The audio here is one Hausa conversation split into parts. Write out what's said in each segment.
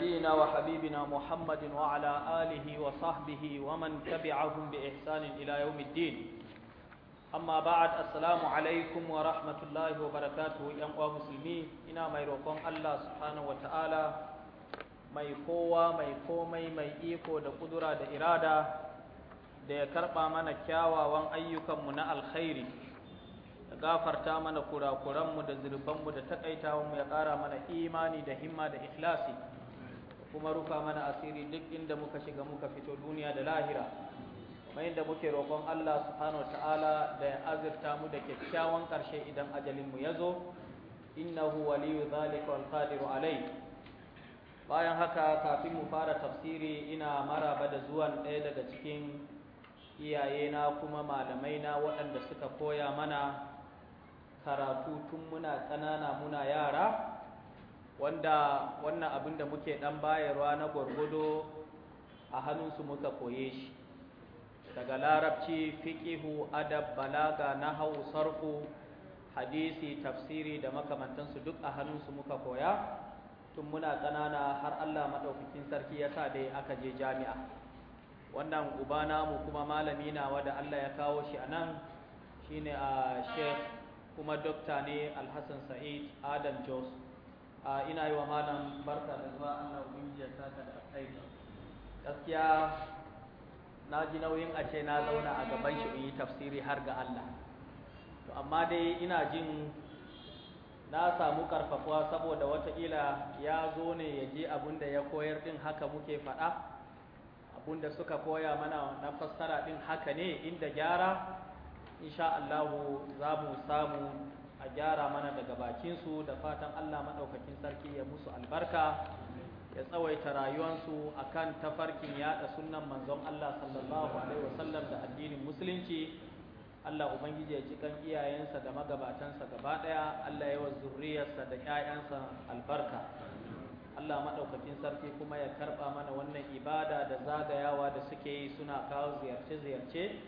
نبينا وحبيبنا محمد وعلى آله وصحبه ومن تبعهم بإحسان إلى يوم الدين أما بعد السلام عليكم ورحمة الله وبركاته يا مسلمين إنا ميروكم الله سبحانه وتعالى mai kowa mai komai mai iko da kudura da irada da ya karɓa mana kyawawan ayyukanmu na alkhairi da gafarta mana kurakuranmu da zurfanmu da takaitawanmu ya ƙara mana imani da himma da ikhlasi kuma rufa mana asiri duk inda muka shiga muka fito duniya da lahira kuma inda muke roƙon Allah subhanahu wataala da ya azirta mu da kyakkyawan ƙarshe idan ajalin mu ya zo innahu waliyu zalika wal qadiru alai bayan haka kafin mu fara tafsiri ina maraba da zuwan ɗaya daga cikin iyayena kuma malamai na waɗanda suka koya mana karatu tun muna ƙanana muna yara wanda wannan abin da muke ɗan bayarwa na gwargwado a hannunsu muka koye shi daga larabci fiqihu adab balaga hau sarku, hadisi tafsiri da makamantansu duk a hannunsu muka koya tun muna ƙanana har Allah madaukakin sarki ya sa dai aka je jami'a wannan uba namu kuma malami nawa da Allah ya kawo shi anan shine a ah, sheikh kuma dokta ne Alhassan Sa'id Adam Joseph a ina yi wa malam barka da zuwa Allah ubangiji ya saka da alkhairi gaskiya na ji nauyin a ce na zauna a gaban shi in yi tafsiri har ga Allah to amma dai ina jin na samu karfafuwa saboda wataƙila ya zo ne ya ji abun da ya koyar din haka muke faɗa abun da suka koya mana na fassara din haka ne inda gyara insha Allah za mu samu a gyara mana daga bakinsu da fatan Allah maɗaukakin sarki ya musu albarka ya tsawaita rayuwansu a kan tafarkin yaɗa sunan manzon Allah sallallahu Alaihi wasallam da addinin musulunci Allah Ubangiji ya ji kan iyayensa da magabatansa gaba ɗaya Allah ya wa zuriyarsa da ƴaƴansa albarka Allah maɗaukakin sarki kuma ya karɓa mana wannan ibada da zagayawa da suke yi suna kawo ziyarce-ziyarce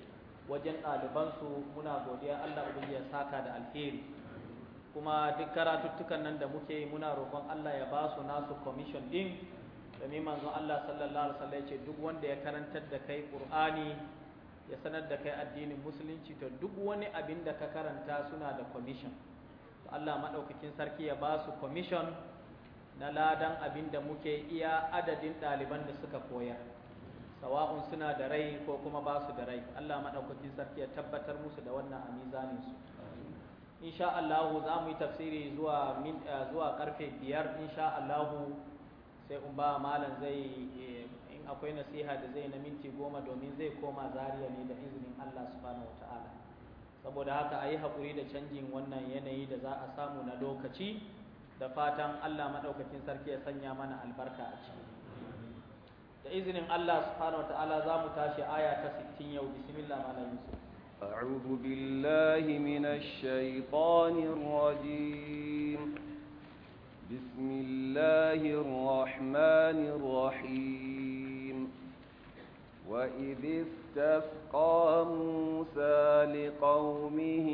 wajen ɗalibansu muna godiya Allah Ubangiji ya saka da alheri kuma duk karatuttukan nan da muke yi muna roƙon Allah ya ba su nasu commission din domin manzon Allah sallallahu alaihi wasallam ya ce duk wanda ya karantar da kai Qur'ani ya sanar da kai addinin musulunci to duk wani abin da ka karanta suna da commission to Allah madaukakin sarki ya ba su commission na ladan abin da muke iya adadin ɗaliban da suka koyar sawa'un suna da rai ko kuma ba su da rai Allah madaukakin sarki ya tabbatar musu da wannan a su insha Allah za mu yi tafsiri zuwa eh, zuwa karfe 5 insha Allah sai in ba malam zai eh, in akwai nasiha da zai na minti goma domin zai koma zariya ne da izinin Allah subhanahu ta'ala saboda haka a yi haƙuri da canjin wannan yanayi da za a samu na lokaci da fatan Allah maɗaukakin sarki ya sanya mana albarka a ciki da izinin Allah subhanahu ta'ala za mu tashi aya ta 60 yau bismillah malam yusuf أعوذ بالله من الشيطان الرجيم بسم الله الرحمن الرحيم وإذ استسقى موسى لقومه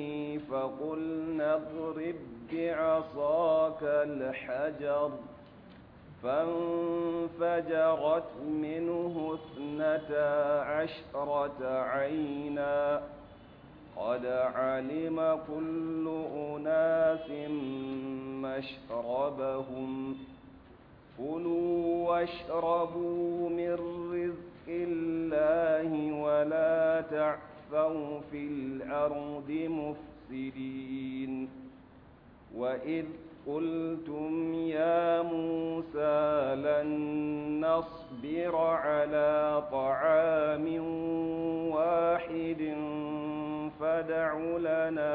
فقلنا اضرب بعصاك الحجر فانفجرت منه اثنتا عشرة عيناً قد علم كل أناس مشربهم كلوا واشربوا من رزق الله ولا تعفوا في الأرض مفسدين وإذ قلتم يا موسى لن نصبر على طعام واحد فادع لنا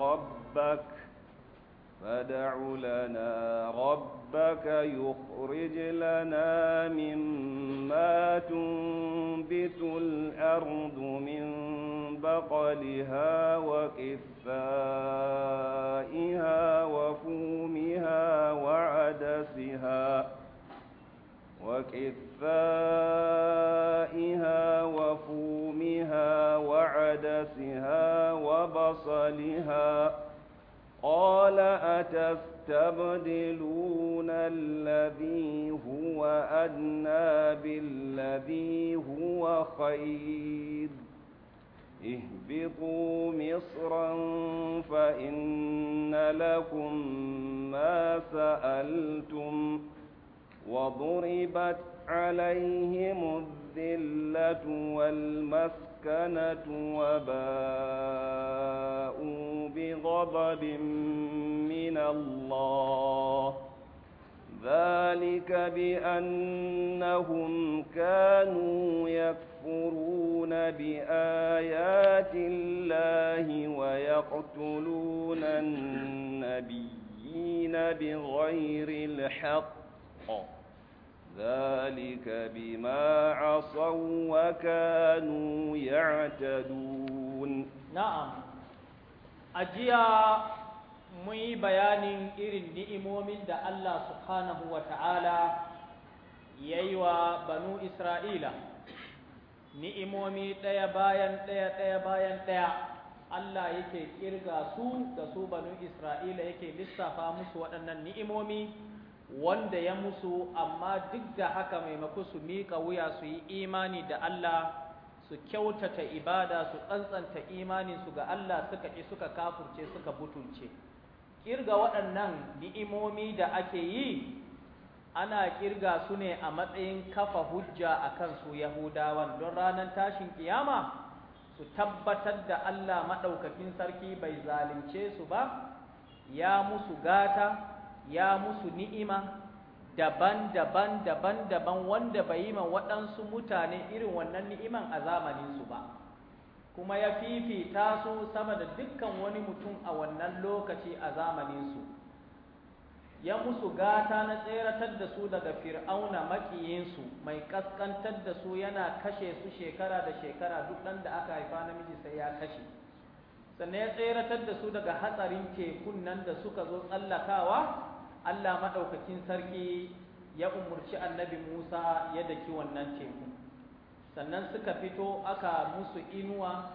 ربك فادع لنا ربك يخرج لنا مما تنبت الأرض من بقلها وكفائها وفومها وعدسها وكثائها وفومها وعدسها وبصلها قال أتستبدلون الذي هو أدنى بالذي هو خير اهبطوا مصرا فإن لكم ما سألتم وضربت عليهم الذلة والمسكنة وباءوا بغضب من الله ذلك بأنهم كانوا يكفرون بآيات الله ويقتلون النبيين بغير الحق الحق ذلك بما عصوا وكانوا يعتدون نعم أجيا مي بيان إرن نئمومين دا الله سبحانه وتعالى ييوى بنو إسرائيل ni'imomi ɗaya bayan ɗaya ɗaya bayan ɗaya Allah yake kirga su da su banu Isra'ila yake lissafa musu waɗannan ni'imomi wanda ya musu amma duk da haka maimako su miƙa wuya su yi imani da Allah su kyautata ibada su tsantsanta imaninsu ga Allah suka ƙi suka kafurce suka butunce ƙirga waɗannan ni'imomi da ake yi ana ƙirga su ne a matsayin kafa hujja a kan su yahudawan don ranar tashin kiyama su tabbatar da Allah maɗaukakin sarki bai zalunce su ba ya musu gata ya musu ni'ima daban-daban daban-daban wanda bai yi ma waɗansu mutane irin wannan ni'iman a zamaninsu ba kuma ya fifita su sama da dukkan wani mutum a wannan lokaci a zamaninsu ya musu gata na tseratar da su daga fir'auna maƙiyinsu mai ƙasƙantar da su yana kashe su shekara da shekara duk ɗan da aka haifa namiji sai ya kashe sannan ya tseratar da su daga hatsarin tekun nan da suka zo tsallakawa Allah maɗaukakin sarki ya umarci annabi Musa ya daki wannan teku sannan suka fito aka musu inuwa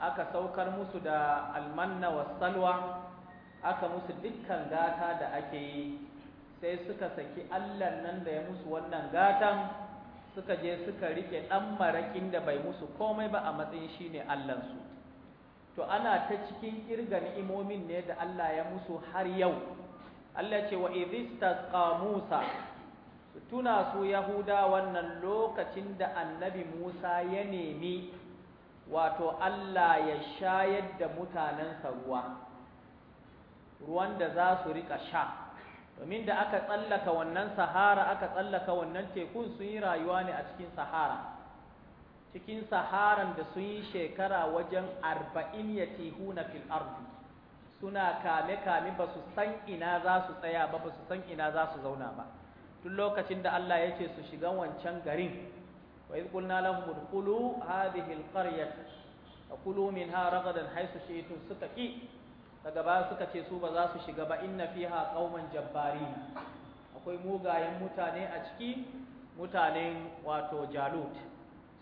aka saukar musu da almanna wa salwa aka musu dukkan gata da ake yi sai suka saki Allah nan da ya musu wannan gatan suka je suka rike ɗan maraƙin da bai musu komai ba a matsayin shine ne Allahnsu to ana ta cikin ƙirga ni'imomin ne da Allah ya musu har yau Allah ce wa idhistasqa Musa su tuna su Yahuda wannan lokacin da annabi Musa ya nemi wato Allah ya shayar da mutanensa ruwa ruwan da za su rika sha domin da aka tsallaka wannan sahara aka tsallaka wannan tekun sun yi rayuwa ne a cikin sahara cikin saharan da sun yi shekara wajen arba'in yatihuna fil ardi suna kame-kame ba su san ina za su tsaya ba ba su san ina za su zauna ba tun lokacin da Allah ya ce su shiga wancan garin wa iz qulna lahum udkhulu hadhihi alqaryata aqulu minha ragadan haythu shi'tum suka ki daga baya suka ce su ba za su shiga ba inna fiha qauman jabbari. akwai mugayen mutane a ciki mutanen wato jalut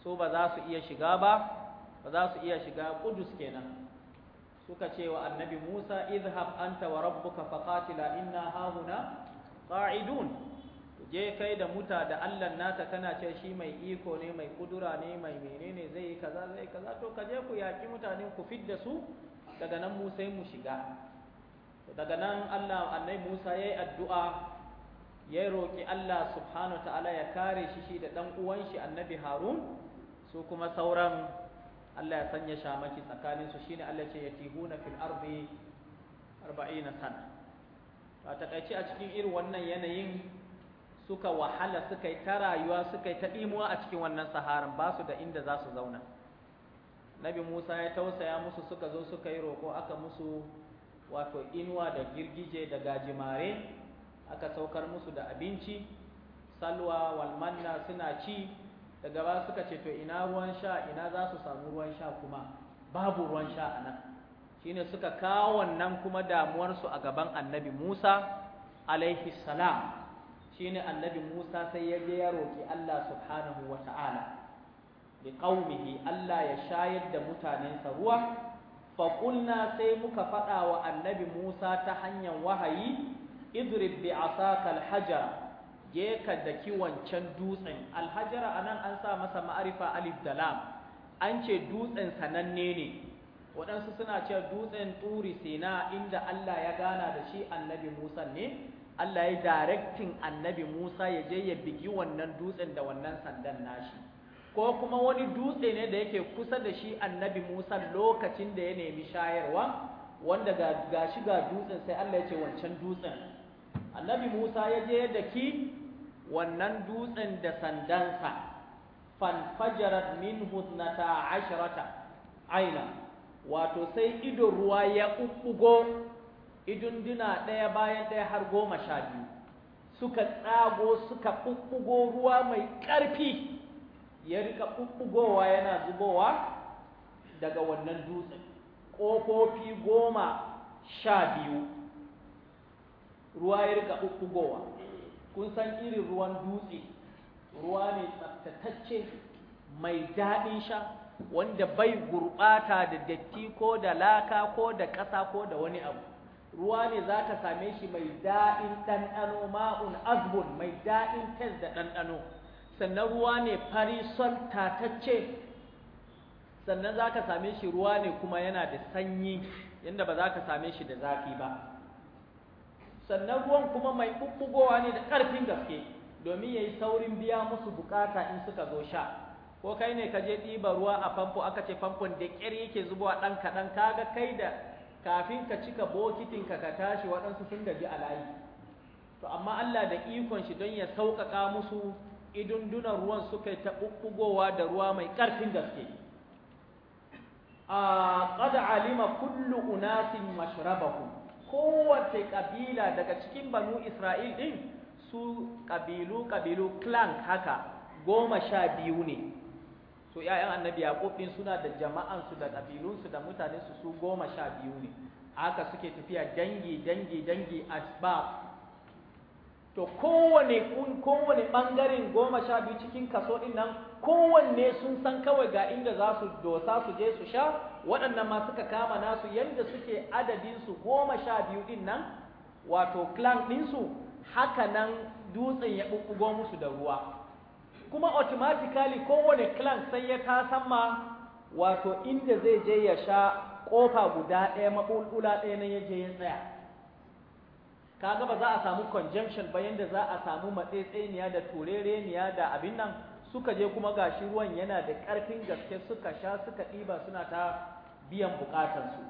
su ba za su iya shiga ba ba za su iya shiga kudus kenan suka ce wa annabi Musa Izhab, anta wa rabbuka faqatila inna hahuna qa'idun je kai da muta da Allah naka kana ce shi mai iko ne mai kudura ne mai menene zai kaza zai kaza to ka je ku yaki mutanen ku fidda su daga nan Musa mu shiga daga nan Allah annai Musa yayi addu'a ya roki Allah subhanahu ta'ala ya kare shi shi da ɗan uwan shi annabi Harun su kuma sauran Allah ya sanya shamaki tsakanin su shine Allah ce yatihuna fil ardi 40 sana to a a cikin irin wannan yanayin suka wahala suka yi ta rayuwa suka yi ta ɗimuwa a cikin wannan saharan ba su da inda za su zauna nabi musa ya tausaya musu suka zo suka yi roƙo aka musu wato inuwa da girgije da gajimare aka saukar musu da abinci salwa walmanna suna ci Da gaba suka ce to ina ruwan sha ina za su samu ruwan sha kuma babu ruwan sha a nan ne suka kawo wannan kuma damuwarsu a gaban annabi Musa alaihi salam ne annabi Musa sai ya je ya roƙi Allah subhanahu wa ta'ala bi qaumihi Allah ya shayar da mutanensa ruwa faƙulna sai muka faɗa wa annabi Musa ta hanyar wahayi idrib bi asaka alhajar Geka da daki dutsen alhajara anan an sa masa ma'arifa alif da lam an ce dutsen sananne ne waɗansu suna cewa dutsen turi sina inda Allah ya gana da shi annabi Musa ne Allah ya directing annabi Musa ya je ya bigi wannan dutsen da wannan sandan nashi ko kuma wani dutse ne da yake kusa da shi annabi Musa lokacin da ya nemi shayarwa wanda ga shi ga dutsen sai Allah ya ce wancan dutsen annabi Musa ya je da ki wannan dutsen da sandansa fanfajarar min hudnata asharata aina wato sai idon ruwa ya idun idunduna ɗaya bayan ɗaya har goma sha biyu suka tsago suka ƙuɓɓugo ruwa mai ƙarfi ya rika ƙuɓɓugowa yana zubowa daga wannan dutsen ƙofofi goma sha biyu ruwa ya rika uku-gowa kun san irin ruwan dutse ruwa ne tsaftatacce mai daɗin sha wanda bai gurɓata da datti ko da laka ko da ƙasa ko da wani abu ruwa ne za ka same shi mai daɗin ɗanɗano ma'un azbun mai daɗin tes da ɗanɗano sannan ruwa ne farisol tatacce sannan za ka same shi ruwa ne kuma yana da sanyi yadda ba za ka same shi da zafi ba sannan ruwan kuma mai bubbugowa ne da ƙarfin gaske domin ya yi saurin biya musu bukata in suka zo sha ko kai ne ka je ɗiba ruwa a famfo aka ce famfon da ƙyar yake zubowa ɗan kaɗan kaga kai da kafin ka cika bokitinka ka tashi waɗansu sun gaji a layi to amma Allah da ikon shi don ya sauƙaƙa musu idundunan ruwan suka yi ta ɓuɓɓugowa da ruwa mai ƙarfin gaske a ƙada alima kullu unasin mashrabahu kowace ƙabila daga cikin banu Isra'il ɗin su ƙabilu kabilu clan haka goma sha biyu ne so ‘ya'yan annabi Yaƙub ɗin suna da jama'ansu da ƙabilunsu da mutanensu su goma sha biyu ne haka suke tafiya dangi dangi dangi asbab to kowane kowane bangaren goma sha biyu cikin kaso din nan kowanne sun san kawai ga inda za su dosa su je su sha waɗannan ma suka kama nasu yadda suke adadin su goma sha biyu din nan wato clan ɗinsu haka nan dutsen ya ɓuɓɓugo musu da ruwa kuma automatically kowane clan sai ya ma wato inda zai je ya sha ƙofa guda ɗaya maɓulɓula ɗaya na ya je ya tsaya kaga ba za a samu conjunction ba yanda za a samu matsetseniya da turereniya da abin nan suka je kuma gashi ruwan yana da ƙarfin gaske suka sha suka ɗiba suna ta biyan buƙatarsu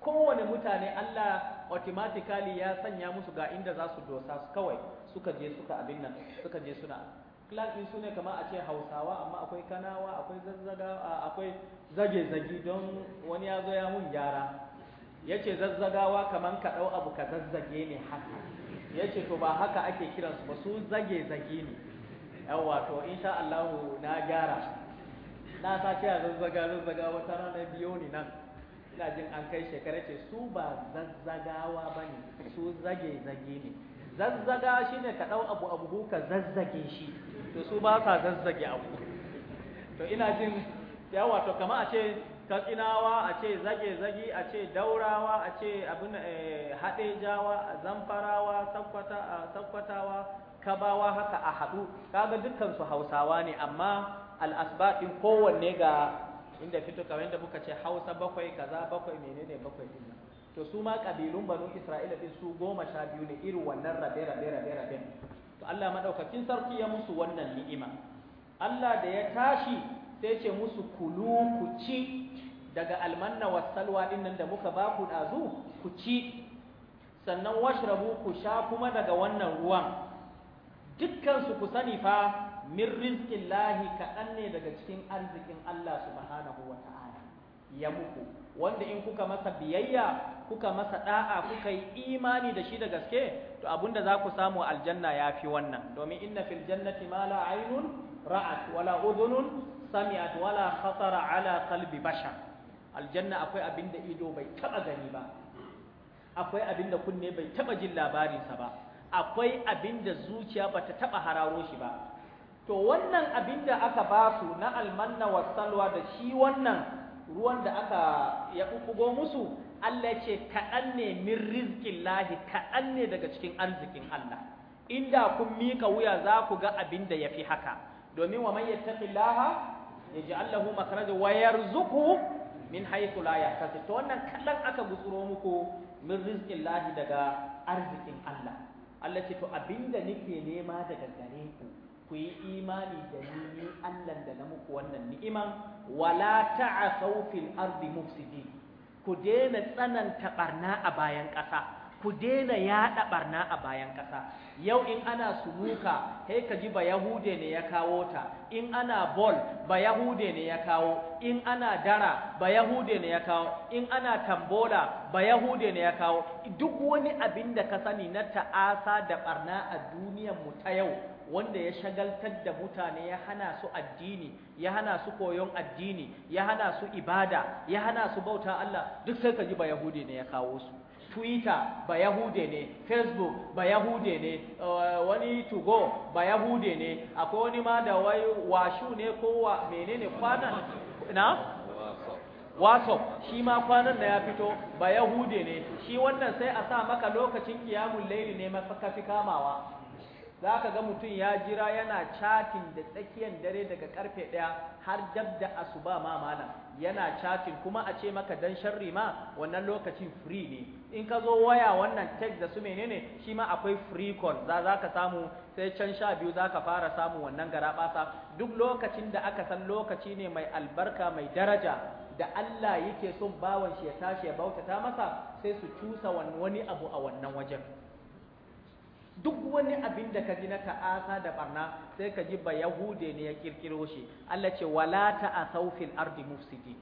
kowane mutane Allah automatically ya sanya musu ga inda za su dosa su kawai suka je suka abin nan suka je suna class su ne kamar a ce hausawa amma akwai kanawa akwai zazzaga akwai zage-zagi don wani ya zo ya mun gyara yace zazzagawa kaman ka dau abu ka zazzage ne haka yace to ba haka ake kiransu ba su zage zage ne yawa to insha Allah na gyara na ce a zazzaga zazzaga wata rana biyo ni nan ina jin an kai shekara ce su ba zazzagawa bane su zage zage ne zazzaga shine ka dau abu abu ka zazzage shi to su ba sa zazzage abu to ina jin yawa to kama a ce katsinawa a ce zage-zage a ce daurawa a ce abin eh, haɗejawa zamfarawa sakkwatawa kabawa haka a haɗu kaga dukkansu hausawa ne amma al'asbaɗin kowanne ga inda fito kamar yadda muka ce hausa bakwai kaza bakwai menene bakwai nan to su ma ƙabilun banu isra'ila ɗin su goma sha biyu ne irin wannan rabe-rabe-rabe-rabe to allah maɗaukakin sarki ya musu wannan ni'ima allah da ya tashi sai ce musu kulu ku ci daga almanna wasalwa din da muka ba ku ɗazu ku ci sannan washrabu ku sha kuma daga wannan ruwan su ku sani fa min rizkin lahi kaɗan ne daga cikin arzikin Allah subhanahu wa ya muku wanda in kuka masa biyayya kuka masa da'a kuka yi imani da shi da gaske to abinda za ku samu aljanna ya fi wannan domin inna fil jannati ma la aynun ra'at wala udhunun sami'at wala khatara ala qalbi bashar aljanna akwai abin da ido bai taba gani ba akwai abin da kunne bai taba jin labarinsa ba akwai abin da zuciya ba ta taba hararo shi ba to wannan abin da aka ba su na almanna wasalwa da shi wannan ruwan da aka ya kukugo musu Allah ce kaɗan ne min rizkin lahi kaɗan ne daga cikin arzikin Allah inda kun mika wuya za ku ga abin da ya fi haka domin wa man yattaqillaha yaj'al lahu makhraja wa yarzuqhu min haythu la yahtasib to wannan kallon aka gutsuro muku min rizkin lahi daga arzikin Allah Allah ce to abinda nake nema daga gare ku ku yi imani da ni Allah da na muku wannan ni'iman wala ta'asaw fil ardi mufsidin ku daina tsananta barna a bayan ƙasa ku daina yaɗa ɓarna a bayan ƙasa yau in ana sumuka, sai ka ji ba yahude ne ya kawo ta in ana bol ba yahude ne ya kawo in ana dara ba yahude ne ya kawo in ana tambola ba yahude ne ya kawo duk wani abin da ka sani na ta'asa da ɓarna a duniyar mu ta yau wanda ya shagaltar da mutane ya hana su addini ya hana su koyon addini ya hana su ibada ya hana su bauta Allah duk sai ka ji ba yahude ne ya kawo su twitter ba yahude ne facebook ba yahude ne eh, wani wani go ba yahude ne akwai wani ma da wai washu ne ko wa menene kwanan na wasop shi ma kwanan da ya fito ba yahude ne shi wannan sai a sa maka lokacin kiyamun laili ne maka fi kamawa za ka ga mutum ya jira yana chatting da tsakiyar dare daga karfe ɗaya har dab da asuba ma malam yana chatting kuma a ce maka dan sharri ma wannan lokacin free ne in ka zo waya wannan text da su menene shi ma akwai free call za za ka samu sai can sha biyu za ka fara samu wannan garaɓasa duk lokacin da aka san lokaci ne mai albarka mai daraja da Allah yake son bawan shi ya tashi ya bautata masa sai su cusa wani abu a wannan wajen duk wani abin da ka ji na ta'asa da barna sai ka ji ba yahude ne ya kirkiro shi Allah ce wala ta'asau fil ardi mufsidin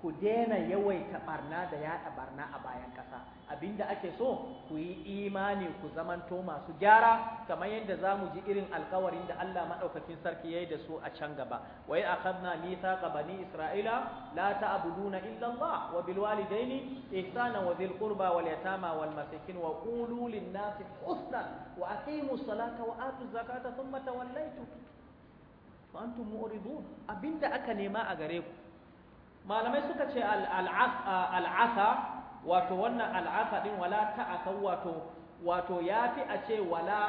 ku daina yawaita barna da yaɗa barna a bayan ƙasa abinda ake so ku yi imani ku zamanto masu gyara kamar yadda za mu ji irin alkawarin da Allah maɗaukakin sarki ya yi da su a can gaba wai a kanna nisa ga bani isra'ila la ta'buduna illa Allah wa bil walidaini ihsana wa dhil qurba wal yatama wal masakin wa qulu lin nasi husna wa aqimu salata wa atu zakata thumma tawallaytum fa antum mu'ridun abinda aka nema a gare ku malamai suka ce al'asa wato wannan al'asa din wala ta'asa wato wato fi a ce wala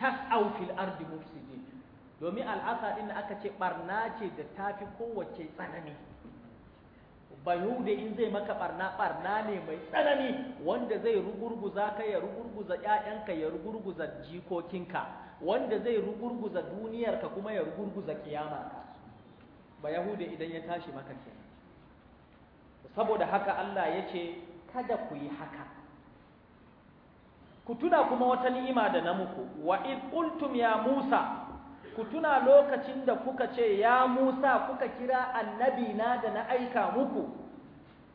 ta fil ardi mufsidin domin al'asa din aka ce ɓarna ce da ta fi kowace tsanani da in zai maka barna barna ne mai tsanani wanda zai rugurguza ka ya rugurguza 'ya'yanka, ya rugurguza jikokinka wanda zai rugurguza duniyarka kuma ya rugurguza kiyamarka ba yahude idan ya tashi maka kenan saboda haka Allah ya ce kada ku yi haka ku tuna kuma wata ni'ima da na muku wa id qultum ya Musa ku tuna lokacin da kuka ce ya Musa kuka kira annabi na da na aika muku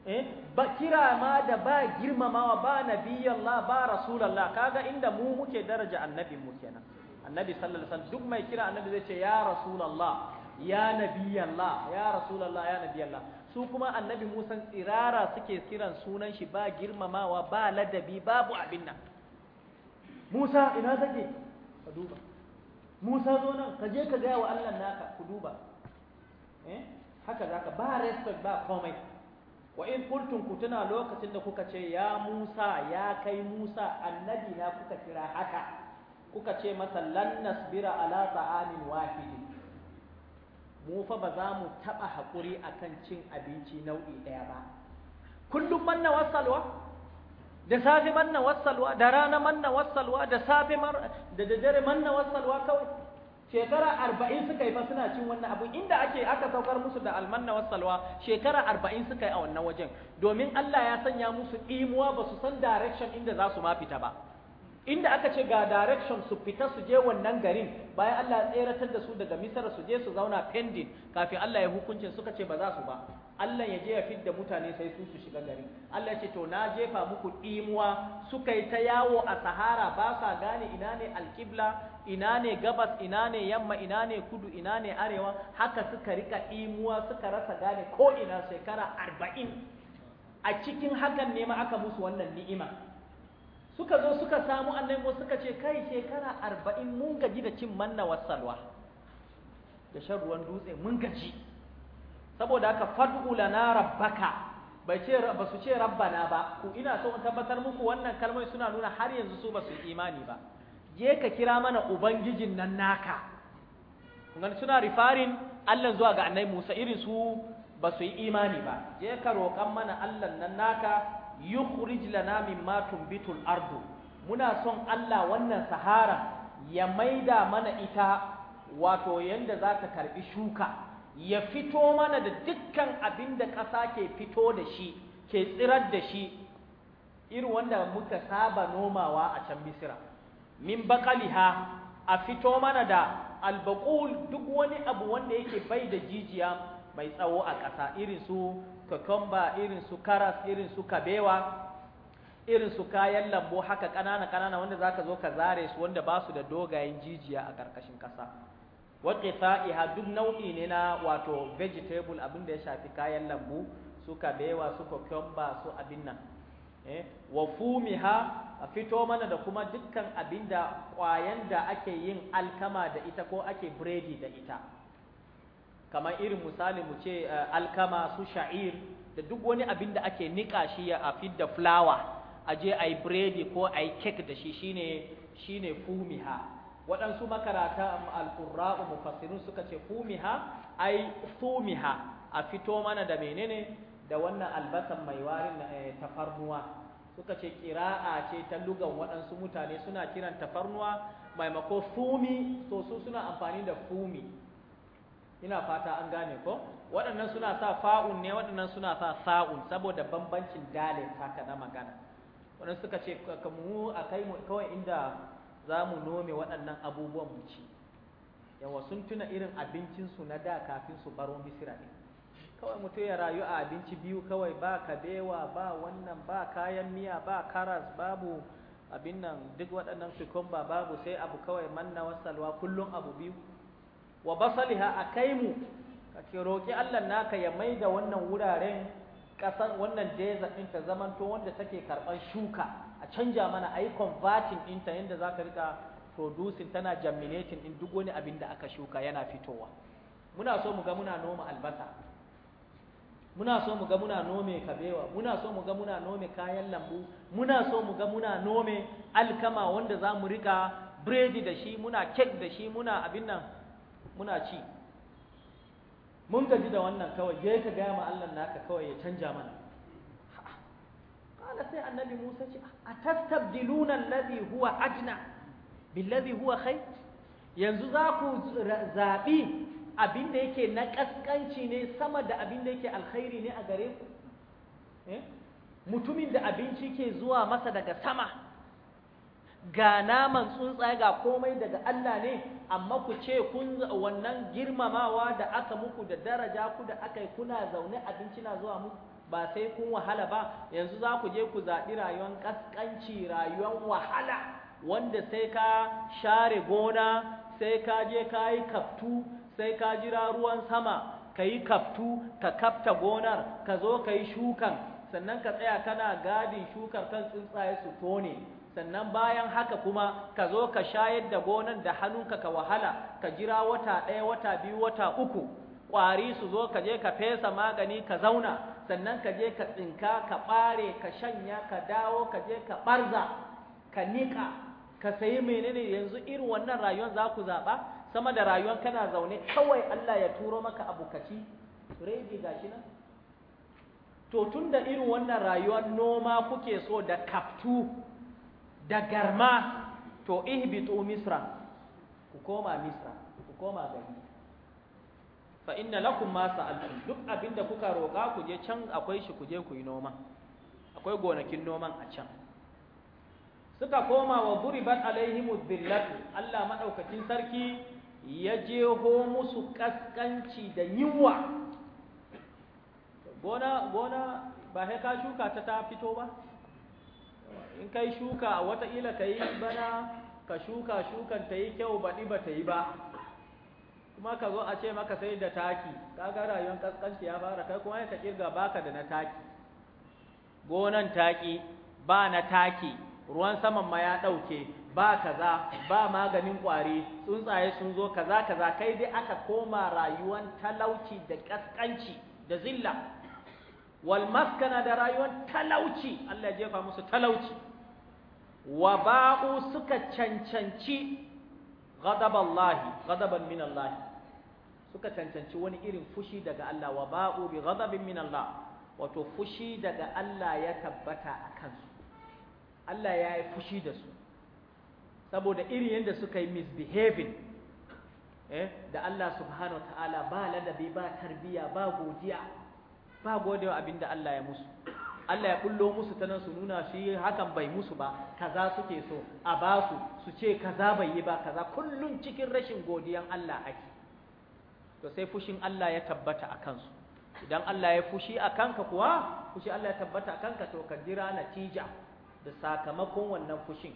eh ba kira ma da ba girmamawa ba nabiyallah ba rasulullah kaga inda mu muke daraja annabi mu kenan annabi sallallahu alaihi wasallam duk mai kira annabi zai ce ya rasulullah ya nabiyallah ya rasulullah ya nabiyallah su kuma annabi Musa tsirara suke kiran sunan shi ba girmamawa ba ladabi babu abin nan Musa ina take ka duba Musa zo nan ka je ka gaya wa Allah naka ku duba eh haka zaka ba respect ba komai wa in ku tana lokacin da kuka ce ya Musa ya kai Musa annabi na kuka kira haka kuka ce masa lan nasbira ala ta'amin wahidin mu fa ba za mu taɓa haƙuri kan cin abinci nau'i ɗaya ba kullum manna wasalwa da safe manna wasalwa da rana manna wasalwa da safe da dare manna wasalwa kawai shekara arba'in suka yi fa suna cin wannan abu inda ake aka saukar musu da almanna wasalwa shekara arba'in suka yi a wannan wajen domin Allah ya sanya musu imuwa ba su san direction inda za su ma fita ba inda aka ce ga direction su fita su je wannan garin bayan Allah ya tseratar da su daga misara su je su zauna pending kafin Allah ya hukuncin suka ce ba za su ba Allah ya je ya fidda mutane sai su su shiga garin Allah ya ce to na jefa muku imuwa suka yi ta yawo a Sahara ba sa gane ina ne alkibla ina ne gabas ina ne yamma ina ne kudu ina ne arewa haka suka rika imuwa suka rasa gane ko ina shekara arba'in. a cikin hakan ne ma aka musu wannan ni'ima suka zo suka samu annabi suka ce kai shekara arba'in mun gaji da cin manna wasalwa da shan ruwan dutse mun gaji saboda haka fad'u lana rabbaka bai ce ba su ce rabbana ba ku ina so in tabbatar muku wannan kalmai suna nuna har yanzu su ba su imani ba je ka kira mana ubangijin nan naka kun suna rifarin Allah zuwa ga annabi Musa irin su ba su yi imani ba je ka roƙan mana Allah nan naka yukhrij lana mimma tumbitul ardu muna son Allah wannan sahara ya maida mana ita wato yanda za ta karbi shuka ya fito mana da dukkan abin da ƙasa ke fito da shi ke tsirar da shi irin wanda muka saba nomawa a can misira min baqaliha a fito mana da albaƙul duk wani abu wanda yake bai da jijiya mai tsawo a ƙasa irin su cucumber irin su karas irin su kabewa irin su kayan lambu haka ƙanana ƙanana wanda zaka zo ka zare su wanda ba su da dogayen jijiya a ƙarƙashin ƙasa wa qita'iha duk nau'i ne na wato vegetable abin da ya shafi kayan lambu su kabewa su cucumber su abin nan eh wa fumiha a fito mana da kuma dukkan abinda da ƙwayan da ake yin alkama da ita ko ake biredi da ita kamar irin misali mu ce eh, alkama su sha'ir da duk wani abin da ake nika shi a fidda fulawa a je a yi biredi ko a yi kek da shi shine shine fumiha waɗansu makarata um, alƙurra'u mufassirin suka ce fumiha ai fumiha a fito mana da menene da wannan albasan mai warin eh, tafarnuwa suka ce kira'a ce ta lugan waɗansu mutane suna kiran tafarnuwa maimako fumi to su suna amfani da fumi ina fata an gane ko waɗannan suna sa fa'un ne waɗannan suna sa sa'un saboda bambancin dalil haka na magana wannan suka ce mu a kai mu kawai inda za mu nome waɗannan abubuwan mu ci yawa sun tuna irin abincin su na da kafin su baro misira ne kawai mutum ya rayu a abinci biyu kawai ba kabewa ba wannan ba kayan miya ba karas babu abin nan duk waɗannan cucumber babu sai abu kawai manna wasalwa kullum abu biyu wa basaliha a kai mu ka ce roƙi Allah naka ya mai da wannan wuraren ƙasar wannan desert ɗin ta zamanto wanda take karɓar shuka a canja mana a yi converting ɗinta yadda za ka riƙa producing tana germinating ɗin duk wani abin da aka shuka yana fitowa muna so mu ga muna noma albasa muna so mu ga muna nome kabewa muna so mu ga muna nome kayan lambu muna so mu ga muna nome alkama wanda za mu rika biredi da shi muna kek da shi muna abin nan muna ci mun gaji da wannan kawai je ka gaya ma Allah naka kawai ya canja mana qala sai annabi Musa ce atastabdiluna alladhi huwa ajna billadhi huwa khair yanzu za ku zabi abin da yake na kaskanci ne sama da abin da yake alkhairi ne a gare ku eh? mutumin da abinci ke zuwa masa daga sama ga naman tsuntsaye ga komai daga Allah ne amma ku ce kun wannan girmamawa da aka muku da daraja ku da aka yi kuna zaune abinci na zuwa muku ba sai kun wahala ba yanzu za ku je ku zaɓi rayuwar ƙasƙanci rayuwar wahala wanda sai ka share gona sai ka je ka yi kaftu sai ka jira ruwan sama ka yi kaftu ka kafta gonar ka zo ka yi shukan sannan ka tsaya kana gadin shukar kan tsuntsaye su tone sannan bayan haka kuma ka zo ka shayar da gonan da hannunka ka wahala ka jira wata ɗaya wata biyu wata uku ƙwari su zo ka je ka fesa magani ka zauna sannan ka je ka tsinka ka ɓare ka shanya ka dawo ka je ka ɓarza ka niƙa ka sayi menene yanzu irin wannan rayuwar za ku zaɓa sama da rayuwar kana zaune kawai Allah ya turo maka abu kaci redi gashi nan to tun da irin wannan rayuwar noma kuke so da kaftu da garma to ihbitu misra ku koma misra ku koma gari fa inna lakum ma sa'altum duk abinda kuka roƙa ku je can akwai shi ku je ku yi noma akwai gonakin noman a can suka koma wa duribat alaihimu dhillatu Allah madaukakin sarki ya je ho musu kaskanci da yuwa. gona gona ba sai ka shuka ta ta fito ba in kai shuka wataƙila ka yi bana ka shuka shukan ta yi kyau baɗi ba ta yi ba kuma ka zo a ce maka sai da taki kaga rayuwar ƙasƙanci ya fara kai kuma ka ba ka da na taki gonan taki ba na taki ruwan saman ma ya ɗauke ba kaza ba maganin ƙwari tsuntsaye sun zo kaza kaza kai dai aka koma rayuwan talauci da ƙasƙanci da zilla wal maskana da rayuwar talauci Allah ya jefa musu talauci wa ba'u suka cancanci ghadaballahi ghadaban min Allah suka cancanci wani irin fushi daga Allah wa ba'u bi ghadabin min Allah wato fushi daga Allah ya tabbata a kansu Allah ya yi fushi da su saboda irin yadda suka yi misbehaving eh da Allah subhanahu wa ta'ala ba ladabi ba tarbiya ba godiya ba wa abinda Allah ya musu Allah ya kullo musu ta nan su nuna shi hakan bai musu ba kaza suke so a ba su su ce kaza bai yi ba kaza kullun cikin rashin godiyan Allah ake to sai fushin Allah ya tabbata a kansu idan Allah ya fushi a kanka kuwa fushi Allah ya tabbata a kanka to ka jira natija da sakamakon wannan fushin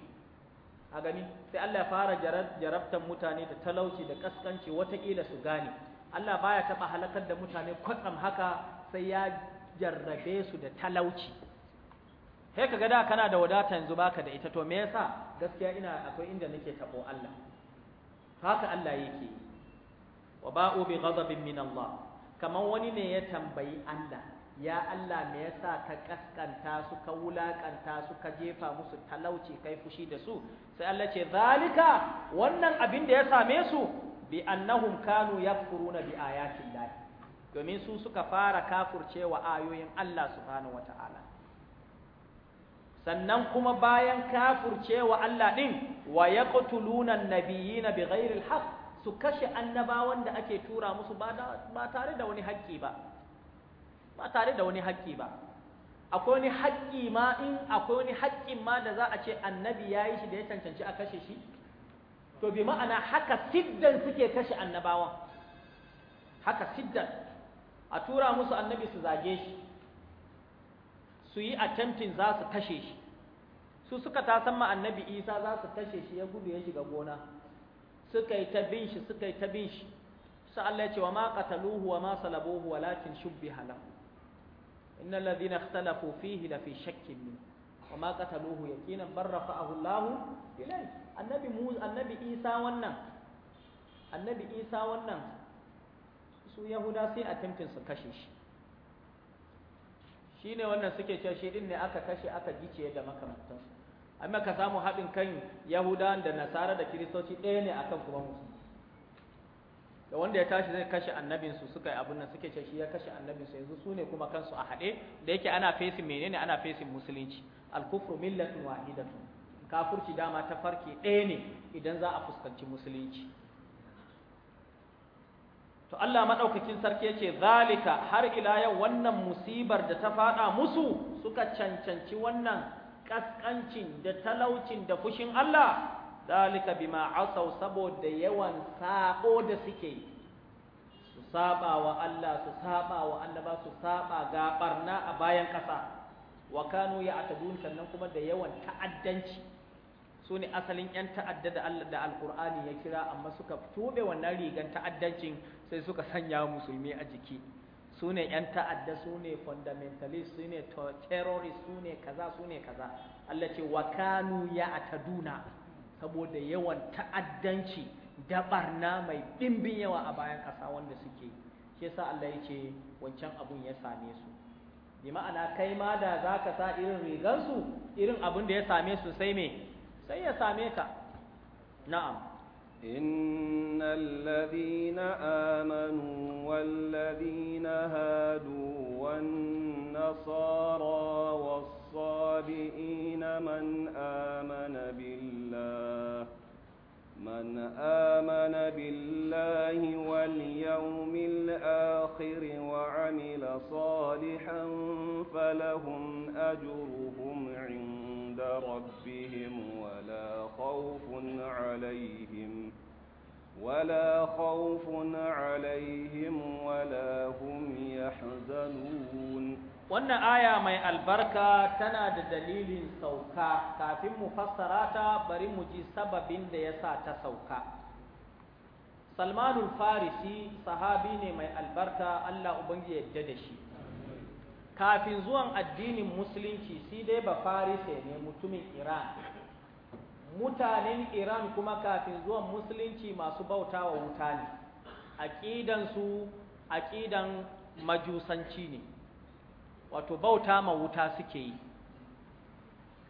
a gani sai Allah ya fara jarabtar mutane da talauci da kaskanci watakila su gane Allah baya taɓa halakar da mutane kwatsam haka sai ya jarrabe su da talauci sai kaga da kana da wadata yanzu baka da ita to me yasa gaskiya ina akwai inda nake tabo Allah haka Allah yake wa ba'u bi ghadabin min Allah kaman wani ne ya tambayi Allah ya Allah me yasa ka kaskanta su ka wulakanta su ka jefa musu talauci kai fushi da su sai Allah ce zalika wannan abin da ya same su bi annahum kanu yakfuruna bi yakin Allah domin su suka fara kafurcewa ayoyin Allah subhanahu ta'ala sannan kuma bayan kafurcewa Allah din wa yaqtuluna an-nabiyina bighairi al haf su kashe annabawan da ake tura musu ba tare da wani haƙƙi ba ba tare da wani haƙƙi ba akwai wani haƙƙi ma in akwai wani haƙƙin ma da za a ce annabi ya yi shi da ya cancanci a kashe shi to bi ma'ana haka siddan suke kashe annabawan haka siddan a tura musu annabi su zage shi su yi attempting za su kashe shi su suka ta ma annabi isa za su kashe shi ya gudu ya shiga gona suka yi ta bin shi suka yi ta bin shi su Allah ya ce wa ma qataluhu wa ma salabuhu walakin shubbiha lahu innal ladhina ikhtalafu fihi la fi shakkin min wa ma qataluhu yaqinan bar rafa'ahu Allah ilayhi annabi Musa annabi Isa wannan annabi Isa wannan su yahuda sai a tamfin su kashe shi shi ne wannan suke cewa shi din ne aka kashe aka gice da makamantansu amma ka samu haɗin kan yahuda da nasara da kiristoci ɗaya ne akan kuma musulmi da wanda ya tashi zai kashe annabinsu suka yi abin nan suke ce shi ya kashe annabinsu yanzu su ne kuma kansu a haɗe da yake ana fesin menene ana fesin musulunci alkufru millatun wahidatun kafurci dama ta farke ɗaya ne idan za a fuskanci musulunci to Allah madaukakin sarki yace zalika har ila yau wannan musibar da ta faɗa musu suka cancanci wannan kaskancin da talaucin da fushin Allah zalika bima asaw saboda yawan sabo da suke yi su saba wa Allah su saba wa annaba su saba ga barna a bayan ƙasa. wa kanu ya atadun sannan kuma da yawan ta'addanci su ne asalin 'yan ta'adda da Allah da alkur'ani ya kira amma suka tuɓe wannan rigan ta'addancin sai suka sanya musulmi a jiki su ne 'yan ta'adda su ne fundamentalist su ne terrorist su ne kaza su ne kaza Allah ce wa kanu ya duna saboda yawan ta'addanci da barna mai ɗimbin yawa a bayan ƙasa wanda suke shi sa Allah ya ce wancan abun ya same su bi ma'ana kai ma da za ka sa irin rigansu irin abun da ya same su sai me sai ya same ka na'am إن الذين آمنوا والذين هادوا والنصارى والصابئين من آمن بالله من آمن بالله واليوم الآخر وعمل صالحا فلهم أجرهم عند عند ربهم ولا خوف عليهم ولا خوف عليهم ولا هم يحزنون wannan aya mai albarka tana da dalilin sauka kafin mu fassara ta bari mu ji sababin da ya sa ta sauka salmanul farisi sahabi ne mai albarka allah ubangi yadda da shi kafin zuwan addinin musulunci shi dai ba farise ne mutumin iran mutanen iran kuma kafin zuwan musulunci masu bauta wa wuta ne aƙidansu aƙidan majusanci ne wato bauta ma wuta suke yi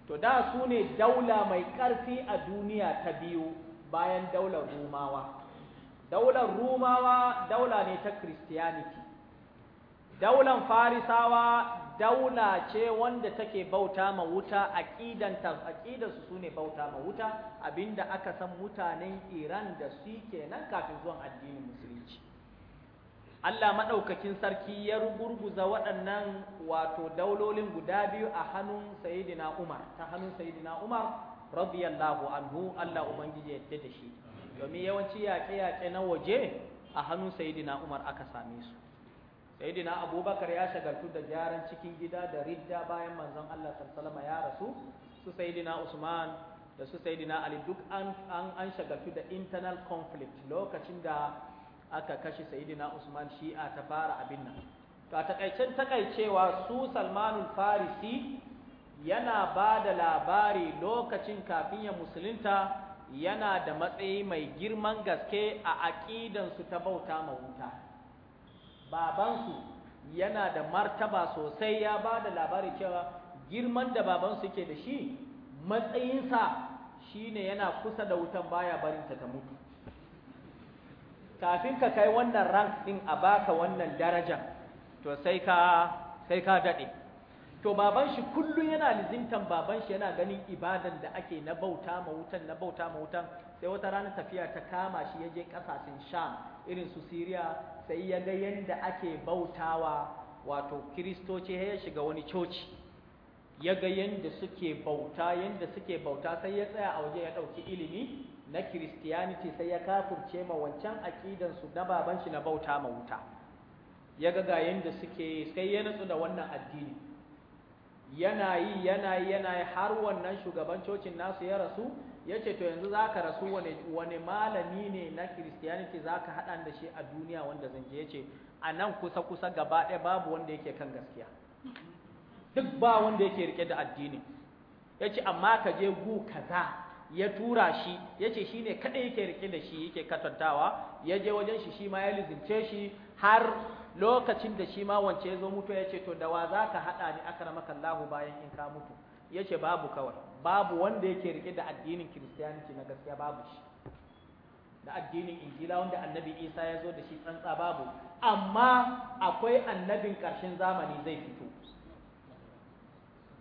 to da su ne daula mai ƙarfi a duniya ta biyu bayan daular rumawa daular rumawa daula ne ta christianity daular farisawa daula ce wanda take bauta ma wuta aqidanta aqidansu sune bauta ma wuta abinda aka san mutanen Iran da su kenan kafin zuwan addinin musulunci Allah madaukakin sarki ya rugurguza waɗannan wato daulolin guda biyu a hannun sayyidina Umar ta hannun sayyidina Umar radiyallahu anhu Allah ubangiji ya tada da shi domin yawanci yaƙe-yaƙe na waje a hannun sayyidina Umar aka same su sayyidina abubakar ya shagaltu da gyaran cikin gida da ridda bayan manzon Allah sallallahu ya rasu su sayyidina usman da su sayyidina ali duk an an shagaltu da internal conflict lokacin da aka kashe sayyidina usman shi'a ta fara abin nan to a takaicen takaicewa su salmanul farisi yana ba da labari lokacin kafin ya musulunta yana da matsayi mai girman gaske a aƙidansu ta bauta ma wuta babansu yana da martaba sosai ya ba da labari cewa girman da babansu ke da shi matsayinsa shi ne yana kusa da wutan baya barinta ta mutu kafin ka kai wannan rank din a baka wannan daraja to sai ka sai ka to baban shi kullum yana lizimtan baban shi yana ganin ibadan da ake na bauta ma wutan na bauta ma wutan sai wata rana tafiya ta kama shi ya je kasashen sham irin su siriya sai ya ga yanda ake bautawa wato kiristoci ya shiga wani coci ya ga yanda suke bauta yanda suke bauta sai ya tsaya a waje ya ɗauki ilimi na christianity sai ya kafurce ma wancan aƙidansu na baban shi na bauta ma wuta ya ga ga yanda suke sai ya natsu da wannan addini yana yi yana yi yana yi har wannan shugaban cocin nasu ya rasu ya ce to yanzu za ka rasu wani malami ne na kiristiyaniti za ka haɗa da shi a duniya wanda zan je ya ce a nan kusa-kusa gaba ɗaya babu wanda yake kan gaskiya duk ba wanda yake rike da addini yace amma ka je gu kaza ya tura shi yace ce shi ne kaɗai yake rike da shi yake katantawa ya je wajen shi shi ma ya lizince shi har lokacin da shi ma wance ya zo mutu ya ce to da wa za ka haɗa ni rama kallahu bayan in ka mutu ya ce babu kawai babu wanda yake rike da addinin kiristiyanci na gaskiya babu shi da addinin injila wanda annabi isa ya zo da shi tsantsa babu amma akwai annabin ƙarshen zamani zai fito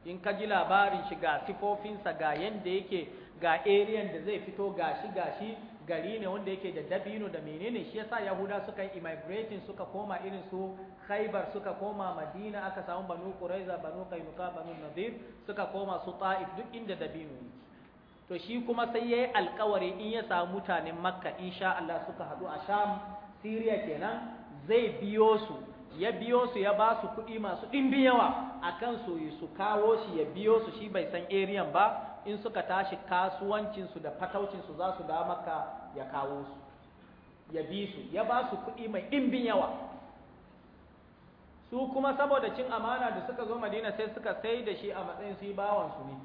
in ka ji labarin shi ga sifofinsa ga yadda yake ga eriyan da zai fito gashi gashi gari ne wanda yake da dabino da menene shi yasa yahuda suka yi immigrating suka koma irin su khaibar suka koma madina aka samu banu quraiza banu qainuqa banu nadir suka koma su ta'if duk inda dabino yake to shi kuma sai yayi alkawari in ya samu mutanen makka insha Allah suka hadu a sham syria kenan zai biyo su ya biyo su ya ba su kuɗi masu ɗimbin yawa akan su su kawo shi ya biyo su shi bai san area ba in suka tashi kasuwancinsu da fataucinsu za su ga maka ya kawo su ya bi su ya ba su kuɗi mai ɗimbin yawa su kuma saboda cin amana da suka zo madina sai suka sai da shi a matsayin su yi bawansu ne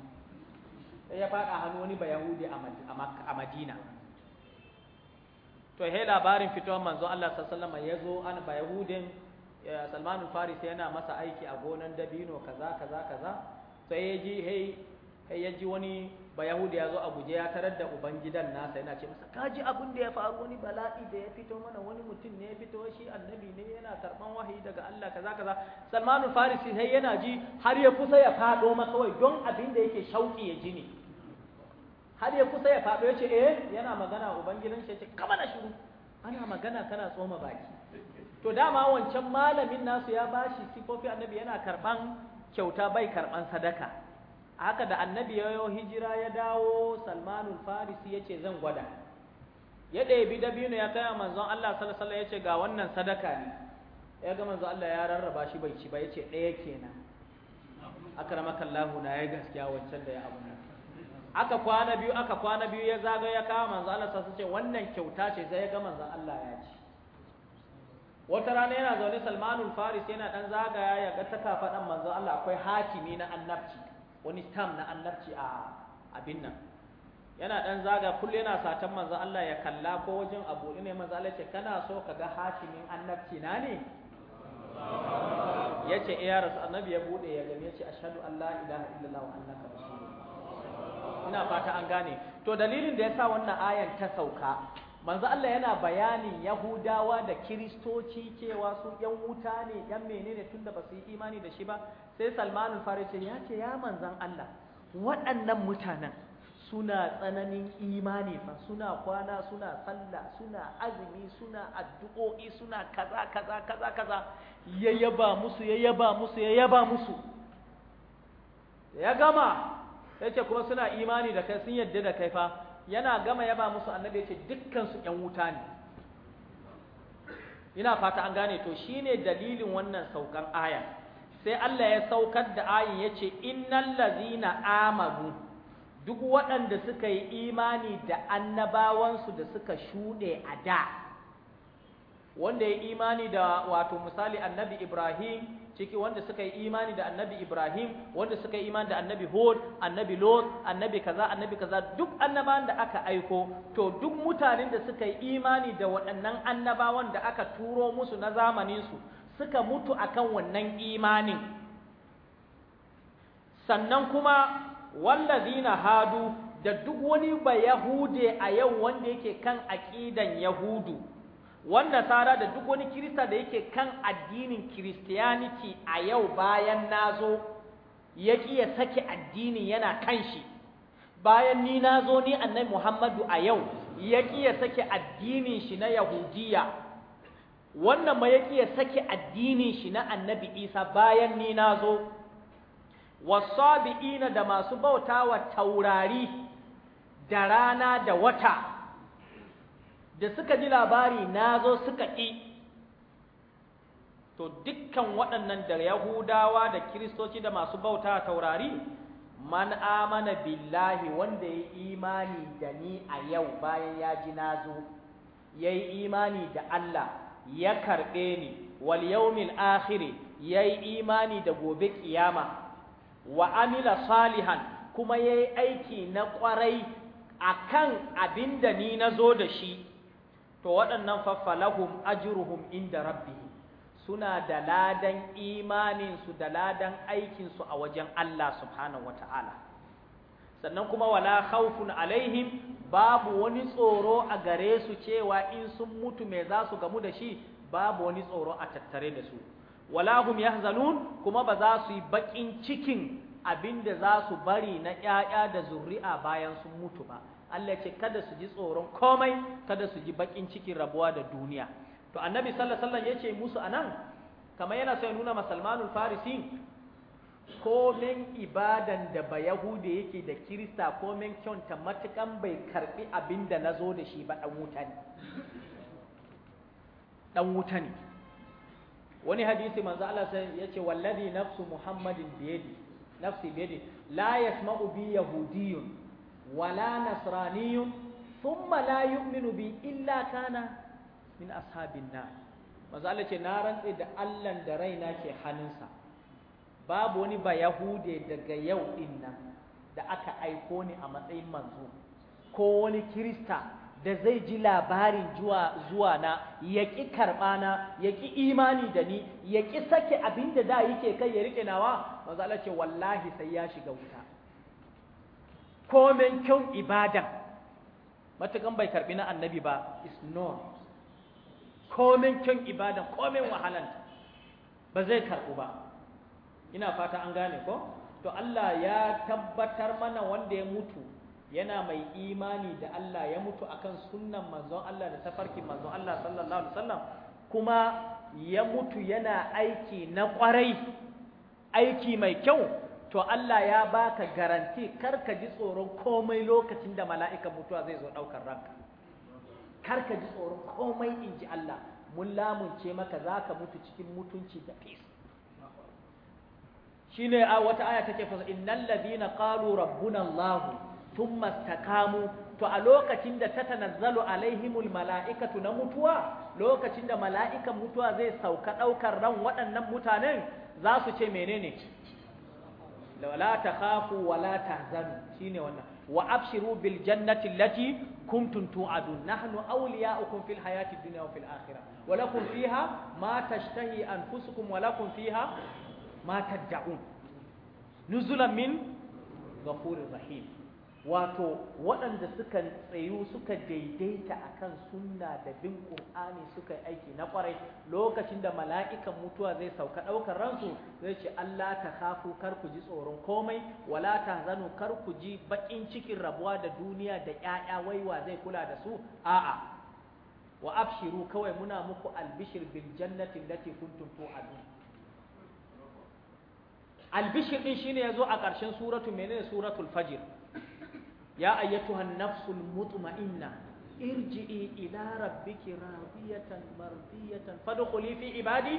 sai ya faɗa hannu wani bayahudi a madina to he labarin fitowar manzo Allah sallallahu alaihi wasallam ya zo an bayahudin Salman al-Farisi yana masa aiki a gonan dabino kaza kaza kaza sai ya ji hey sai ya ji wani bayahudi ya zo a guje ya tarar da ubangidan nasa yana ce masa kaji abin da ya faru wani bala'i da ya fito mana wani mutum ne ya fito shi annabi ne yana karban wahayi daga Allah kaza kaza Salman Farisi sai yana ji har ya kusa ya fado ma wai don abin da yake shauki ya ji ne har ya kusa ya fado ya ce eh yana magana ubangidan shi ya ce kama na shiru ana magana kana tsoma baki to dama wancan malamin nasu ya bashi sifofi annabi yana karban kyauta bai karban sadaka haka da annabi ya yayo hijira ya dawo salmanul farisi ya ce zan gwada ya ɗebi dabino ya kai manzon Allah salasala ya ce ga wannan sadaka ne ya ga manzon Allah ya rarraba shi bai ci ba ya ce ɗaya kenan Kallahu na ya gaskiya wancan da ya abu aka kwana biyu aka kwana biyu ya zaga ya kawo manzon Allah sai ce wannan kyauta ce sai ya ga manzon Allah ya ci wata rana yana zaune Salmanul Faris yana dan zagaya ya ga ta kafa ɗan manzon Allah akwai hakimi na annabci wani tam na annabci a abin nan yana dan zaga kullu yana satan manzo Allah ya kalla ko wajen abu ne manzo Allah ce kana so ka ga hashimin annabci na ne ya ce eh, ya rasu annabi ya bude ya gani yace ashhadu an la ilaha illallah wa annaka rasulullah ina fata an gane to dalilin da yasa wannan ayan ta sauka manzo Allah yana bayanin Yahudawa da Kiristoci cewa su ƴan wuta ne, ƴan menene tunda ba su yi imani da shi ba, sai Salmanin farisi ya ce, ‘Ya manzan Allah, waɗannan mutanen suna tsananin imani fa, suna kwana, suna sallah, suna azumi, suna addu'o'i, suna kaza, kaza, kaza, kaza, ya yaba musu, ya yaba musu, ya yaba musu. Ya gama, ya ce kuma suna imani da kai, sun yadda da kai fa, yana gama yaba musu annabi yace dukkansu ‘yan wuta ne ina fata an gane to shine dalilin wannan saukan aya sai Allah ya saukar da ayin yace ce innal lazina amanu duk waɗanda suka yi imani da annabawansu da suka shuɗe a da wanda ya imani da wato misali annabi Ibrahim ciki wanda suka yi imani da annabi Ibrahim wanda suka yi imani da annabi Hud annabi Lot annabi kaza annabi kaza duk annabawan da aka aiko to duk mutanen da suka yi imani da waɗannan annabawan da aka turo musu na zamanin su suka mutu akan wannan imanin sannan kuma wallazina hadu da duk wani ba yahude a yau wanda yake kan aqidan yahudu wanda sara da duk wani kirista da yake kan addinin kiristiyaniti a yau bayan nazo yaki ya sake addinin yana kan shi bayan ni nazo ni annai Muhammadu a yau yaki ya sake addinin shi na yahudiya wannan ma yaki ya sake addinin shi na annabi Isa bayan ni nazo wasabi'ina da masu bautawa taurari da rana da wata da suka ji labari na zo suka ƙi to dukkan waɗannan da yahudawa da kiristoci da masu bauta taurari man amana billahi wanda ya imani da ni a yau bayan ya ji na zo ya imani da Allah ya karɓe ni wal yawmil akhiri ya imani da gobe kiyama wa amila salihan kuma ya aiki na ƙwarai akan abin da ni na zo da shi to waɗannan faffalahum ajruhum inda Rabbi suna da ladan imaninsu da ladan aikinsu a wajen Allah subhanahu wata'ala sannan kuma wala khawfun alaihim babu wani tsoro a gare su cewa in sun mutu me za su gamu da shi babu wani tsoro a tattare da su wala hum yahzanun kuma ba za su yi bakin cikin abinda za su bari na ƴaƴa da zuri'a bayan sun mutu ba Allah ce kada su ji tsoron komai kada su ji bakin cikin rabuwa da duniya to annabi sallallahu alaihi wasallam yace musu anan kamar yana so ya nuna musulmanul farisi komen ibadan da ba yahude yake da kirista komen kyonta matukan bai karbi abinda da nazo da shi ba dan wuta ne dan wuta ne wani hadisi manzo Allah sai yace wallazi nafsu muhammadin biyadi nafsi biyadi la yasma'u bi yahudiyyun wala nasraniyun thumma la yu'minu bi illa kana min ashabin nar manzo Allah ce na rantse da Allah da raina ke hannunsa babu wani ba yahude daga yau din nan da aka aiko ni a matsayin manzo ko wani kirista da zai ji labarin zuwa na ya ƙi karɓa na ya imani da ni ya sake abin da da yake kai ya riƙe nawa manzo Allah ce wallahi sai ya shiga wuta komen kyau ibadan matukan bai karbi na annabi ba is not komen kyau ibadan komen wahalan ba zai karbu ba ina fata an gane ko to Allah ya tabbatar mana wanda ya mutu yana mai imani da Allah ya mutu akan sunnan manzon Allah da tafarkin manzon Allah sallallahu alaihi wasallam kuma ya mutu yana aiki na kwarai aiki mai kyau to Allah ya baka garanti kar ka ji tsoron komai lokacin da mala'ikan mutuwa zai zo ɗaukar ranka kar ka ji tsoron komai in ji Allah mun lamunce maka zaka mutu cikin mutunci da fis shi ne a wata aya take fasa innan na ƙalu rabbunan lahu tun mastakamu to a lokacin da ta tanazzalu alaihimul mala'ikatu na mutuwa lokacin da mala'ikan mutuwa zai sauka ɗaukar ran waɗannan mutanen za su ce menene la takhafu wa la tahzanu shine wannan wa abshiru bil jannati allati kuntum tu'adun nahnu awliya'ukum fil hayati dunya wa fil akhirah wa lakum fiha ma tashtahi anfusukum wa lakum fiha ma tad'un nuzulan min ghafurir rahim wato waɗanda suka tsayu suka daidaita a kan sunna da bin ƙur'ani suka yi aiki na ƙwarai lokacin da mala'ikan mutuwa zai sauka ɗaukar ransu zai ce Allah ta kafu kar ku ji tsoron komai wala ta zanu kar ku ji baƙin cikin rabuwa da duniya da ƴaƴa waiwa zai kula da su a'a wa abshiru kawai muna muku albishir bil jannatin allati kuntum tu'adun albishir din shine yazo a ƙarshen suratul menene suratul fajr ya ayyatuhan nafsul mutma'inna irji'i ila rabbiki radiyatan mardiyatan fadkhuli fi ibadi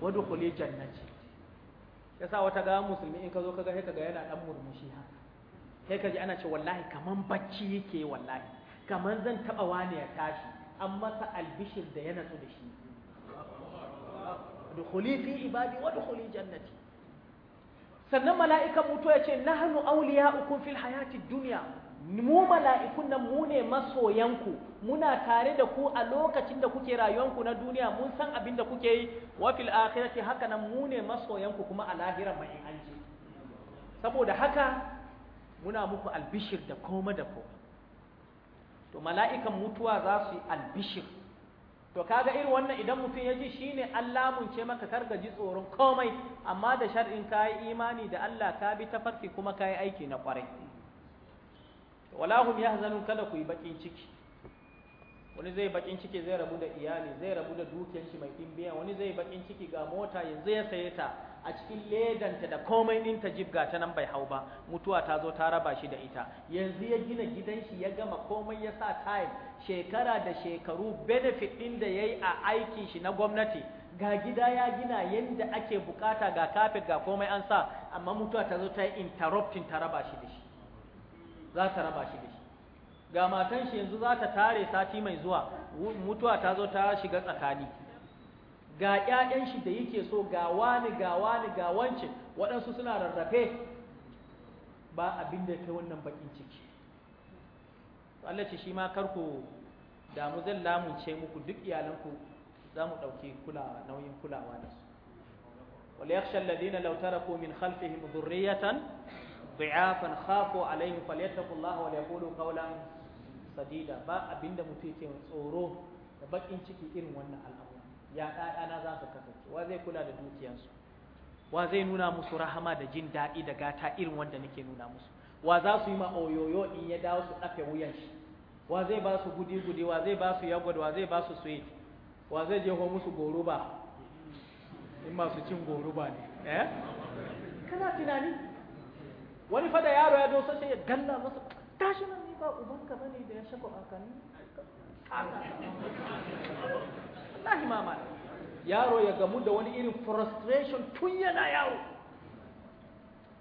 wadkhuli Ya sa wata ga musulmi in ka zo kaga sai kaga yana dan murmushi haka sai kaji ana ce wallahi kaman bacci yake wallahi kaman zan taba wani ya tashi an masa albishir da ya natsu da shi dkhuli fi ibadi wa wadkhuli jannati sannan mala'ikan mutu ya ce na hannu nahnu ukun fil hayati duniya mu mala'ikun nan mu ne masoyanku muna tare da ku a lokacin da kuke rayuwanku na duniya mun san abin da kuke yi wa fil akhirati haka nan mu ne masoyanku kuma a lahira mai hanji saboda haka muna muku albishir da koma da koma to mala'ikan mutuwa za su yi albishir to kaga irin wannan idan mutum ya ji shine Allah mun ce maka kar ji tsoron komai amma da shar'in kayi imani da Allah ka bi ta farki kuma kayi aiki na kwarai wala hum yahzanun kada ku yi bakin ciki wani zai bakin ciki zai rabu da iyali zai rabu da dukiyar shi mai kimbiya wani zai bakin ciki ga mota yanzu ya saye ta a cikin ledanta da komai din ta jibga ta nan bai hau ba mutuwa ta zo ta raba shi da ita yanzu ya gina gidan shi ya gama komai ya sa time shekara da shekaru benefit din da yayi a aikin shi na gwamnati ga gida ya gina yadda ake bukata ga kafet ga komai an sa amma mutuwa ta zo ta yi interrupting ta raba shi da shi za ta raba shi da shi ga matan shi yanzu za ta tare sati mai zuwa mutuwa ta zo ta shiga tsakani ga ƴaƴan shi da yake so ga wani ga wani ga wance waɗansu suna rarrafe ba abin da kai wannan bakin ciki Allah ce shi ma karku mu zan lamunce muku duk iyalanku za mu ɗauki kulawa nauyin kulawa da su wal yakhsha alladhina law taraku min khalfihim dhurriyatan ضعافا خافوا عليهم فليتقوا الله وليقولوا قولا sadida ba abinda mutum yake tsoro da bakin ciki irin wannan al'amari ya ɗaɗana za su kasance wa zai kula da dukiyansu wa zai nuna musu rahama da jin daɗi da gata irin wanda nake nuna musu wa za su yi ma'oyoyo in ya dawo su ɗafe wuyan shi wa zai ba su gudi gudi wa zai ba su yagwad wa zai ba su suyi wa zai je musu goruba in masu cin goruba ne eh kana tunani wani fada yaro ya dosa sai ya galla masa tashi nan ba ubanka bane da ya shako akanni wallahi mama yaro ya gamu da wani irin frustration tun yana yaro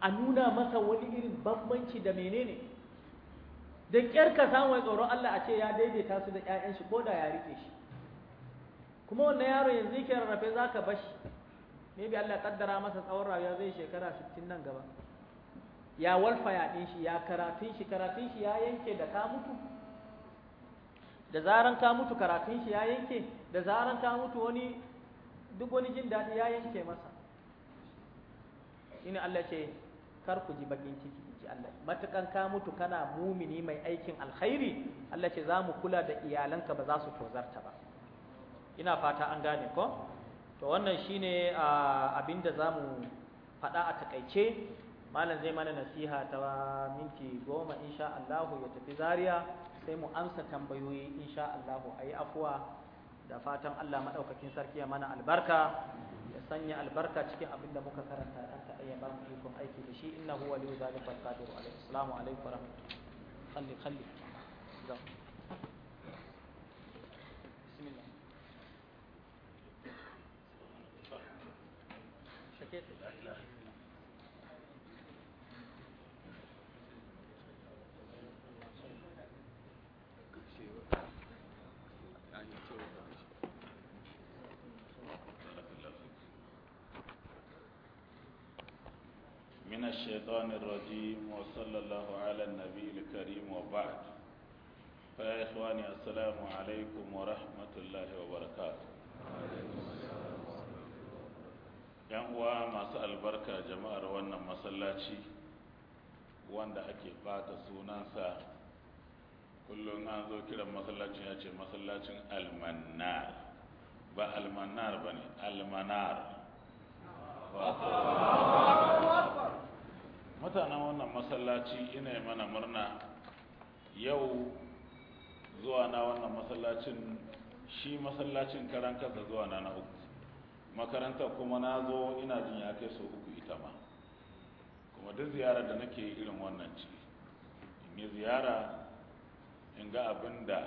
a nuna masa wani irin bambanci da menene da ƙyar ka samu tsoron Allah a ce ya daidaita su da ƴaƴan shi ko da ya rike shi kuma wannan yaro yanzu yake rarrafe zaka ka bashi maybe Allah kaddara masa tsawon rayuwa zai shekara 60 nan gaba ya walfa ya din shi ya karatun shi karatun shi ya yanke da ka mutu da zaran ka mutu karatun shi ya yanke da zaran ta mutu wani duk wani jin daɗi ya yanke masa ina Allah ce kar ku ji bakin ciki ji Allah matukan ka mutu kana mumini mai aikin alkhairi Allah ce za mu kula da iyalanka ba za su tozarta ba ina fata an gane ko to wannan shine abin da za mu faɗa a takaice malam zai mana nasiha ta minti goma insha Allah ya tafi Zariya sai mu amsa tambayoyi insha Allah ayi afuwa da fatan Allah maɗaukakin sarki ya mana albarka ya sanya albarka cikin abin da muka karanta dan ta ya ba mu ikon aiki da shi inna waliyyu zalika alqadiru alaihi alaikum الشيطان الرجيم وصلى الله على النبي الكريم وبعد فيا إخواني السلام عليكم ورحمة الله وبركاته yan uwa masu albarka jama'ar wannan masallaci wanda ake bata sunansa kullum an zo kiran masallacin ya ce masallacin almanar ba almanar ba ne almanar mutanen wannan masallaci ina mana murna yau zuwa na wannan masallacin shi masallacin karan kasa zuwa na na uku makarantar kuma na zo ina jin ya kai sau uku ita ma kuma duk ziyara da nake irin wannan ci. in yi ziyara in ga abin da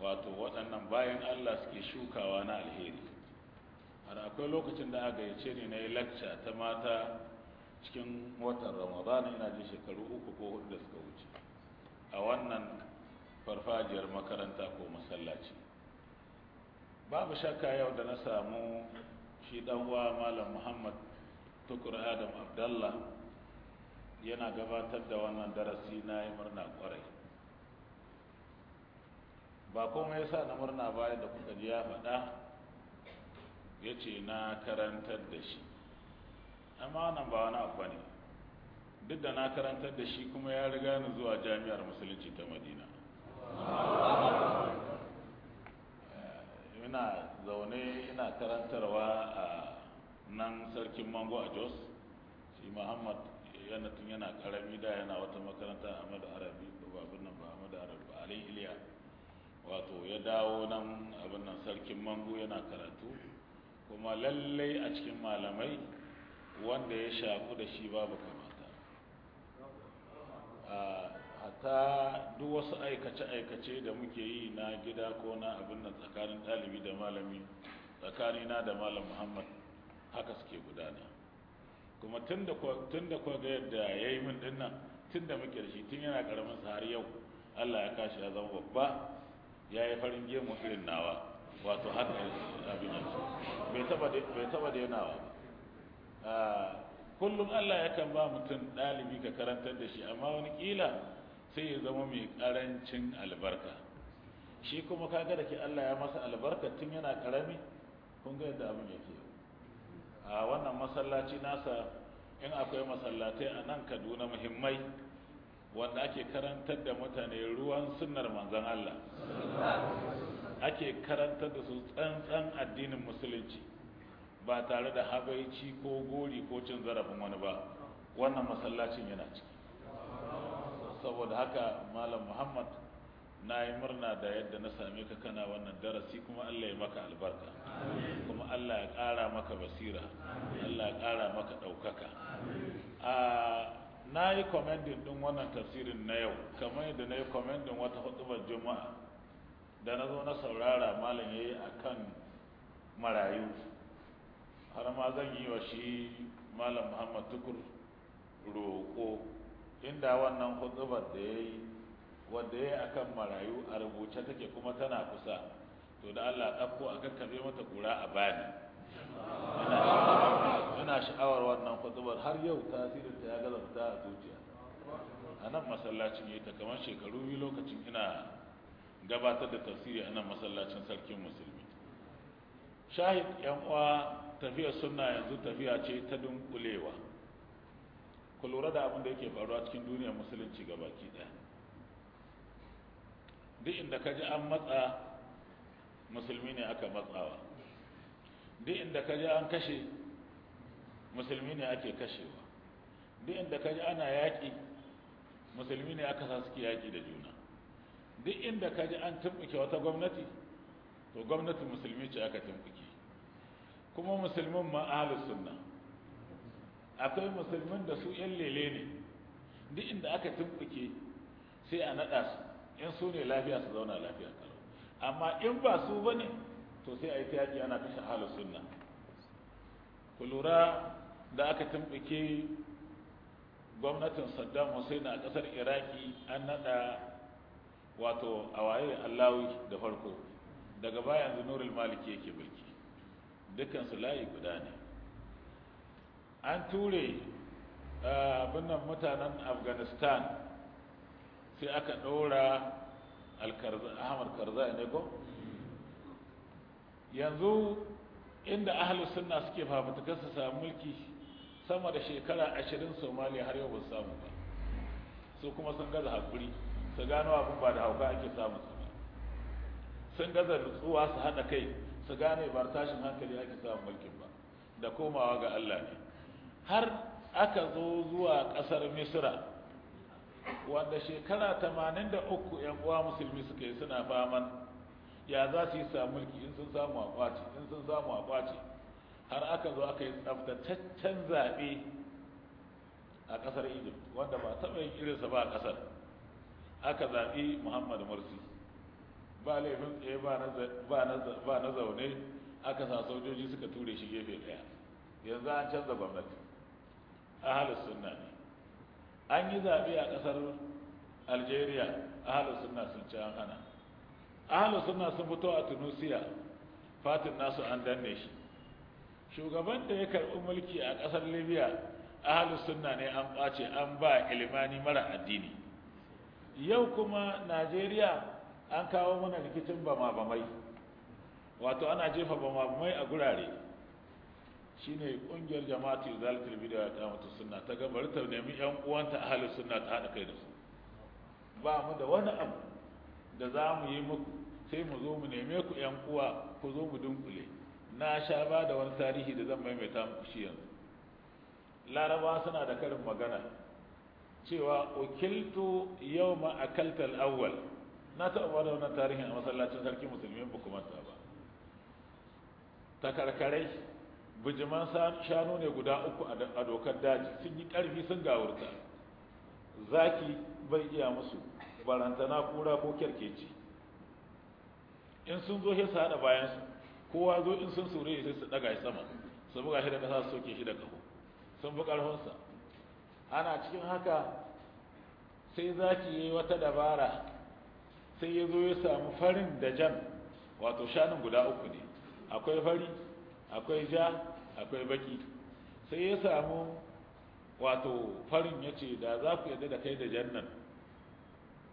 wato waɗannan bayan allah suke shukawa na alheri har akwai lokacin da aka gayyace ne na yi lacca ta mata cikin watan ramadana yana ji shekaru uku ko hudu da suka wuce a wannan farfajiyar makaranta ko masallaci babu shakka yau da na samu shi uwa malam muhammad tukur adam abdallah yana gabatar da wannan darasi na yi murna kwarai ba kuma ya sa na murna bayan da kuka ji ya faɗa ya ce na karantar da shi amma nan ba wani abu ne duk da na karantar da shi kuma ya riga ni zuwa jami'ar musulunci ta madina eh, ina zaune ina karantarwa a nan sarkin mango a jos shi muhammad yana tun yana karami da yana wata makaranta ahmad arabi ko nan ba ahmad arabi ali iliya wato ya dawo nan abin nan sarkin mango yana karatu kuma lallai a cikin malamai wanda ya shafi da shi babu kamata A hata duk wasu aikace-aikace da muke yi na gida ko na abin da tsakanin ɗalibi da malami tsakanina da malam muhammad haka suke gudana kuma tun da kwa ga yadda ya yi min dinnan tun da muke da shi tun yana karamin har yau allah ya kashi ya zama babba ya yi farin gemu irin nawa wato har abin bai taba da yanawa ba kullum Allah yakan ba mutum ɗalibi ka karantar da shi amma wani ƙila sai ya zama mai ƙarancin albarka shi kuma kaga da ke Allah ya masa albarka tun yana ƙarami kun ga yadda abin yake a wannan masallaci nasa in akwai masallatai a nan Kaduna muhimmai wanda ake karantar da mutane ruwan sunnar manzon Allah ake karantar da su tsantsan addinin musulunci ba tare da habaici ko gori ko cin zarafin wani ba wannan masallacin yana ciki saboda haka malam muhammad na yi murna da yadda na same ka kana wannan darasi kuma allah ya maka albarka kuma allah ya ƙara maka basira allah ya ƙara maka ɗaukaka ah, na yi komendin ɗin wannan tafsirin na yau kamar yadda na yi komendin wata hudubar juma'a da na zo na saurara malam ya yi a kan marayu har ma zan yi wa shi malam muhammad tukur roƙo inda wannan hudubar da ya yi wadda ya yi a kan marayu a rubuce take kuma tana kusa to da allah ɗauko a kakkaɓe mata ƙura a bani ina sha'awar wannan hudubar har yau tasirinta ya gaza a zuciya a nan masallacin ya ta kamar shekaru biyu lokacin ina gabatar da tafsiri a nan masallacin sarkin musulmi shahid yan uwa tafiya sunna yanzu tafiya ce ta dunkulewa ku lura da abin da yake faruwa cikin duniyar musulunci gabaki ɗaya. duk inda ka ji an matsa musulmi ne aka matsawa duk inda ka ji an kashe musulmi ne ake kashewa duk inda ka ji ana yaƙi musulmi ne aka sa suke yaƙi da juna duk inda ka ji an tumɓuke wata gwamnati to gwamnati musulmi ce aka tumɓuke kuma musulmin ma ahlus sunna akwai musulmin da su yan lele ne duk inda aka tumbuke sai a nada su in su ne lafiya su zauna lafiya kalau amma in ba su bane to sai a yi yaki ana kashe ahlus sunna ku lura da aka tumbuke gwamnatin Saddam Hussein a kasar Iraki an nada wato awaye Allawi da farko daga bayan yanzu Maliki yake mulki dukansu layi guda ne an ture abinnan mutanen afghanistan sai aka ɗora ahmad karzai ne ko yanzu inda ahalus sunna suke fafutukar su samu mulki sama da shekara ashirin somaliya har yau ba su samu ba su kuma sun gaza haƙuri su gano abin ba da hauka ake samu su sun gaza nutsuwa su haɗa kai su gane ba tashin hankali ake samun mulkin ba da komawa ga Allah ne har aka zo zuwa kasar misra wanda shekara 83 'yan uwa musulmi suka yi suna faman ya za su yi samun mulki in sun samu akwaci in sun samu akwaci har aka zo aka yi tsaftataccen zaɓe a ƙasar egypt wanda ba taɓa yin irinsa ba a ƙasar aka zaɓi Muhammadu mursi ba laifin tsaye ba na zaune aka sa sojoji suka ture shi gefe daya yanzu an canza gwamnati ahalus suna ne an yi zaɓe a ƙasar algeria ahalus suna sun ci an hana ahalus suna sun fito a tunisia fatin nasu an danne shi shugaban da ya karɓi mulki a ƙasar libya ahalus suna ne an ƙwace an ba ilimani mara addini yau kuma najeriya an kawo mana rikicin bama bamai wato ana jefa bama bamai a gurare Shi ne kungiyar jama'atu zalatul bid'a ta mutu suna, ta ga bari ta nemi yan uwanta a halin suna ta haɗa kai da su ba mu da wani abu da za mu yi muku sai mu zo mu neme ku yan uwa ku zo mu dunkule na sha ba da wani tarihi da zan maimaita muku shi yanzu laraba suna da karin magana cewa ukiltu yau ma'akaltar awwal na taɓa ba da wannan tarihin a masallacin sarki musulmi ba kuma ta ba takarkarai bijiman shanu ne guda uku a dokar daji sun yi ƙarfi sun gawurta zaki bai iya musu barantana kura ko kyarkeci in sun zo sai su haɗa su, kowa zo in sun sure sai su ɗaga shi sama su buga shi da ƙasa su soke shi da ƙaho sun fi ƙarfinsa ana cikin haka sai zaki yi wata dabara sai ya zo ya samu farin da jan wato shanin guda uku ne akwai fari akwai ja akwai baki sai ya samu wato farin ya ce da za ku yadda da kai da jan nan,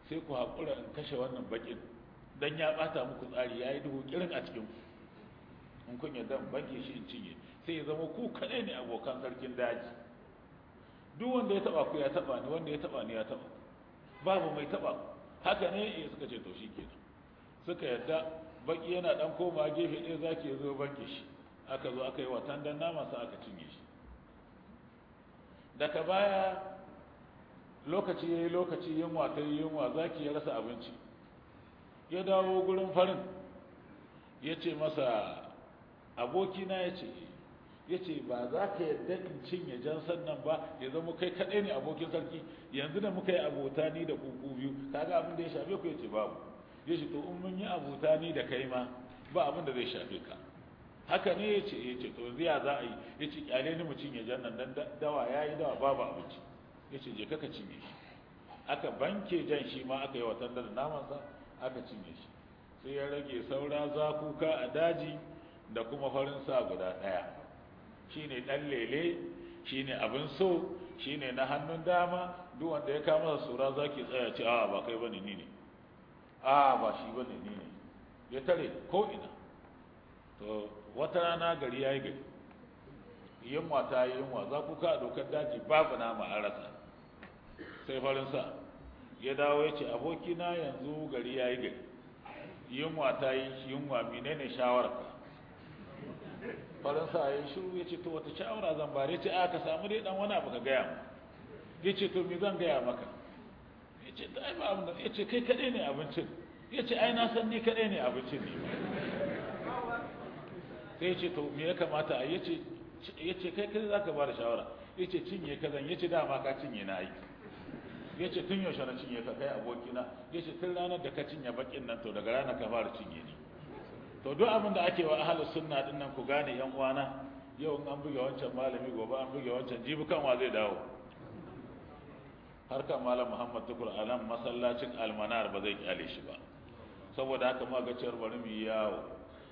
sai ku haƙura in kashe wannan bakin don ya ɓata muku tsari ya yi duhu kirin a cikin in kun yadda in shi in cinye sai ya zama ku kaɗai ne abokan sarkin daji duk wanda ya taɓa ku ya taɓa ni wanda ya taɓa ni ya taɓa babu mai taɓa ku haka ne iya eh, suka ce to shi ke nan. suka yadda baki yana dan koma gefe ɗaya zaki ya zo baki shi aka zo aka yi watan dan nama sa aka cinye shi daga baya lokaci yayi lokaci yunwa ta yunwa zaki ya rasa abinci ya dawo gurin farin ya ce masa abokina ya ce ya ce ba za ka yadda in cinye jan sannan ba ya zama kai kaɗai ne abokin sarki yanzu da muka yi abota ni da kuku biyu kaga abin da ya shafe ku ya ce babu ya ce to in mun yi abota ni da kai ma ba abin da zai shafe ka haka ne ya ce ya ce to ziya za a yi ya ce kyale ni mu cinye jan nan dan dawa ya yi dawa babu abinci ya ce je kaka cinye shi aka banke jan shi ma aka yi watan da namansa aka cinye shi sai ya rage saura zakuka a daji da kuma farin sa guda ɗaya shine dan lele shine abin so shine na hannun dama duk wanda ya kama sura zaki tsaya ce a ba kai bane ni ne a ba shi bane ni ne ya tare ko ina to wata rana gari yayi gari yunwa ta yi yunwa za ku ka dokar daji babu nama a rasa sai farin sa ya dawo ya ce abokina yanzu gari yayi gari yunwa ta yi yunwa menene shawararka faransa ya yi shiru ya ce to wata shawara zan bare ce a ka samu dai dan wani abu ka gaya mu ya ce to me zan gaya maka ya ce da ai ba abin ya ce kai kaɗai ne abincin ya ce ai na san ni kaɗai ne abincin ne sai ya ce to me ya kamata a ya ce kai kai za ka ba da shawara ya ce cinye ka zan ya ce dama ka cinye na yi ya ce tun yaushe na cinye ka kai abokina ya ce tun ranar da ka cinye bakin nan to daga ranar ka fara cinye ni to duk abin da ake wa ahlus sunna din nan ku gane yan uwana yau an buge wancan malami gobe an buge wancan jibi kan wa zai dawo harkar malam Muhammad Tukur a nan masallacin Almanar ba zai kyale shi ba saboda haka ma ga cewar bari mu yawo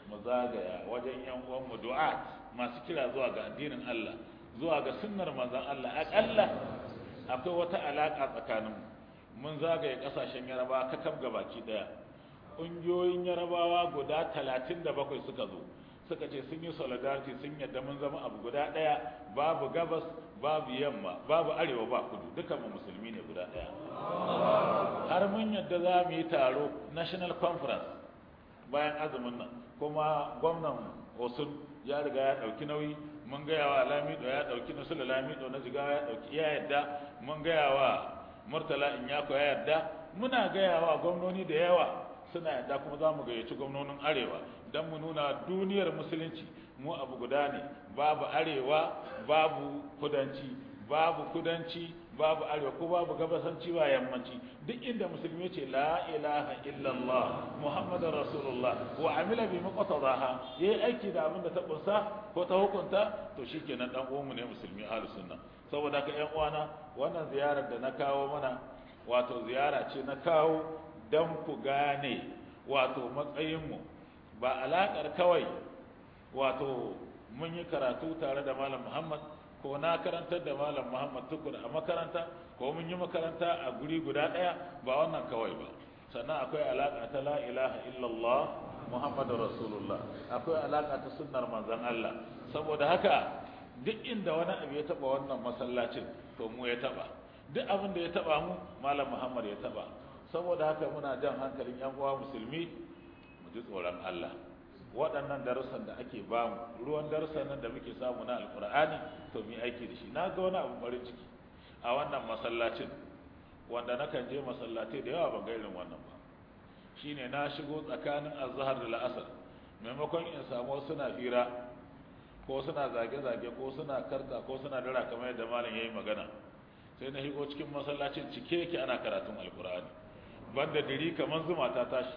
mu zagaya wajen yan uwan mu du'a masu kira zuwa ga addinin Allah zuwa ga sunnar manzon Allah akalla akwai wata alaka tsakanin mu mun zagaye kasashen Yaraba kakab gabaki daya ƙungiyoyin yarabawa guda talatin da bakwai suka zo suka ce sun yi solidarity sun yadda mun zama abu guda ɗaya babu gabas babu yamma babu arewa ba kudu duka mu musulmi ne guda ɗaya har mun yadda za mu yi taro national conference bayan azumin nan kuma gwamnan osun ya riga ya ɗauki nauyi mun gaya wa lamido ya ɗauki na sula lamido na jigawa ya ɗauki ya yadda mun gaya wa murtala in yako ya yadda muna gaya wa gwamnoni da yawa suna yadda kuma za mu gayyaci gwamnonin arewa don mu nuna duniyar musulunci mu abu guda ne babu arewa babu kudanci babu kudanci babu arewa ko babu gabasanci ba yammanci duk inda musulmi ce la ilaha illallah muhammadar rasulullah wa amila bi muqtadaha yayi aiki da abin da ta kunsa ko ta hukunta to shikenan dan mu ne musulmi ahlus sunna saboda ka yan uwana wannan ziyarar da na kawo mana wato ziyara ce na kawo don ku gane wato matsayinmu ba alaƙar kawai wato mun yi karatu tare da malam muhammad ko na karantar da malam muhammad tukur a makaranta ko mun yi makaranta a guri guda ɗaya ba wannan kawai ba sannan akwai alaƙa ta la ilaha illallah muhammadu rasulullah akwai alaƙa ta sunnar manzan allah saboda haka duk inda wani abu ya taɓa wannan masallacin to mu ya taɓa duk abin da ya taɓa mu malam muhammad ya taɓa saboda haka muna jan hankalin yan uwa musulmi mu ji tsoron Allah waɗannan darussan da ake ba mu ruwan darussan nan da muke samu na alkur'ani to mu aiki da shi na ga wani abu farin ciki a wannan masallacin wanda na kan je masallatai da yawa ban ga irin wannan ba shine na shigo tsakanin azhar da la'asar maimakon in samu suna fira ko suna zage-zage ko suna karta ko suna dara kamar yadda malam yayi magana sai na shigo cikin masallacin cike yake ana karatun alkur'ani banda diri kamar zuma ta tashi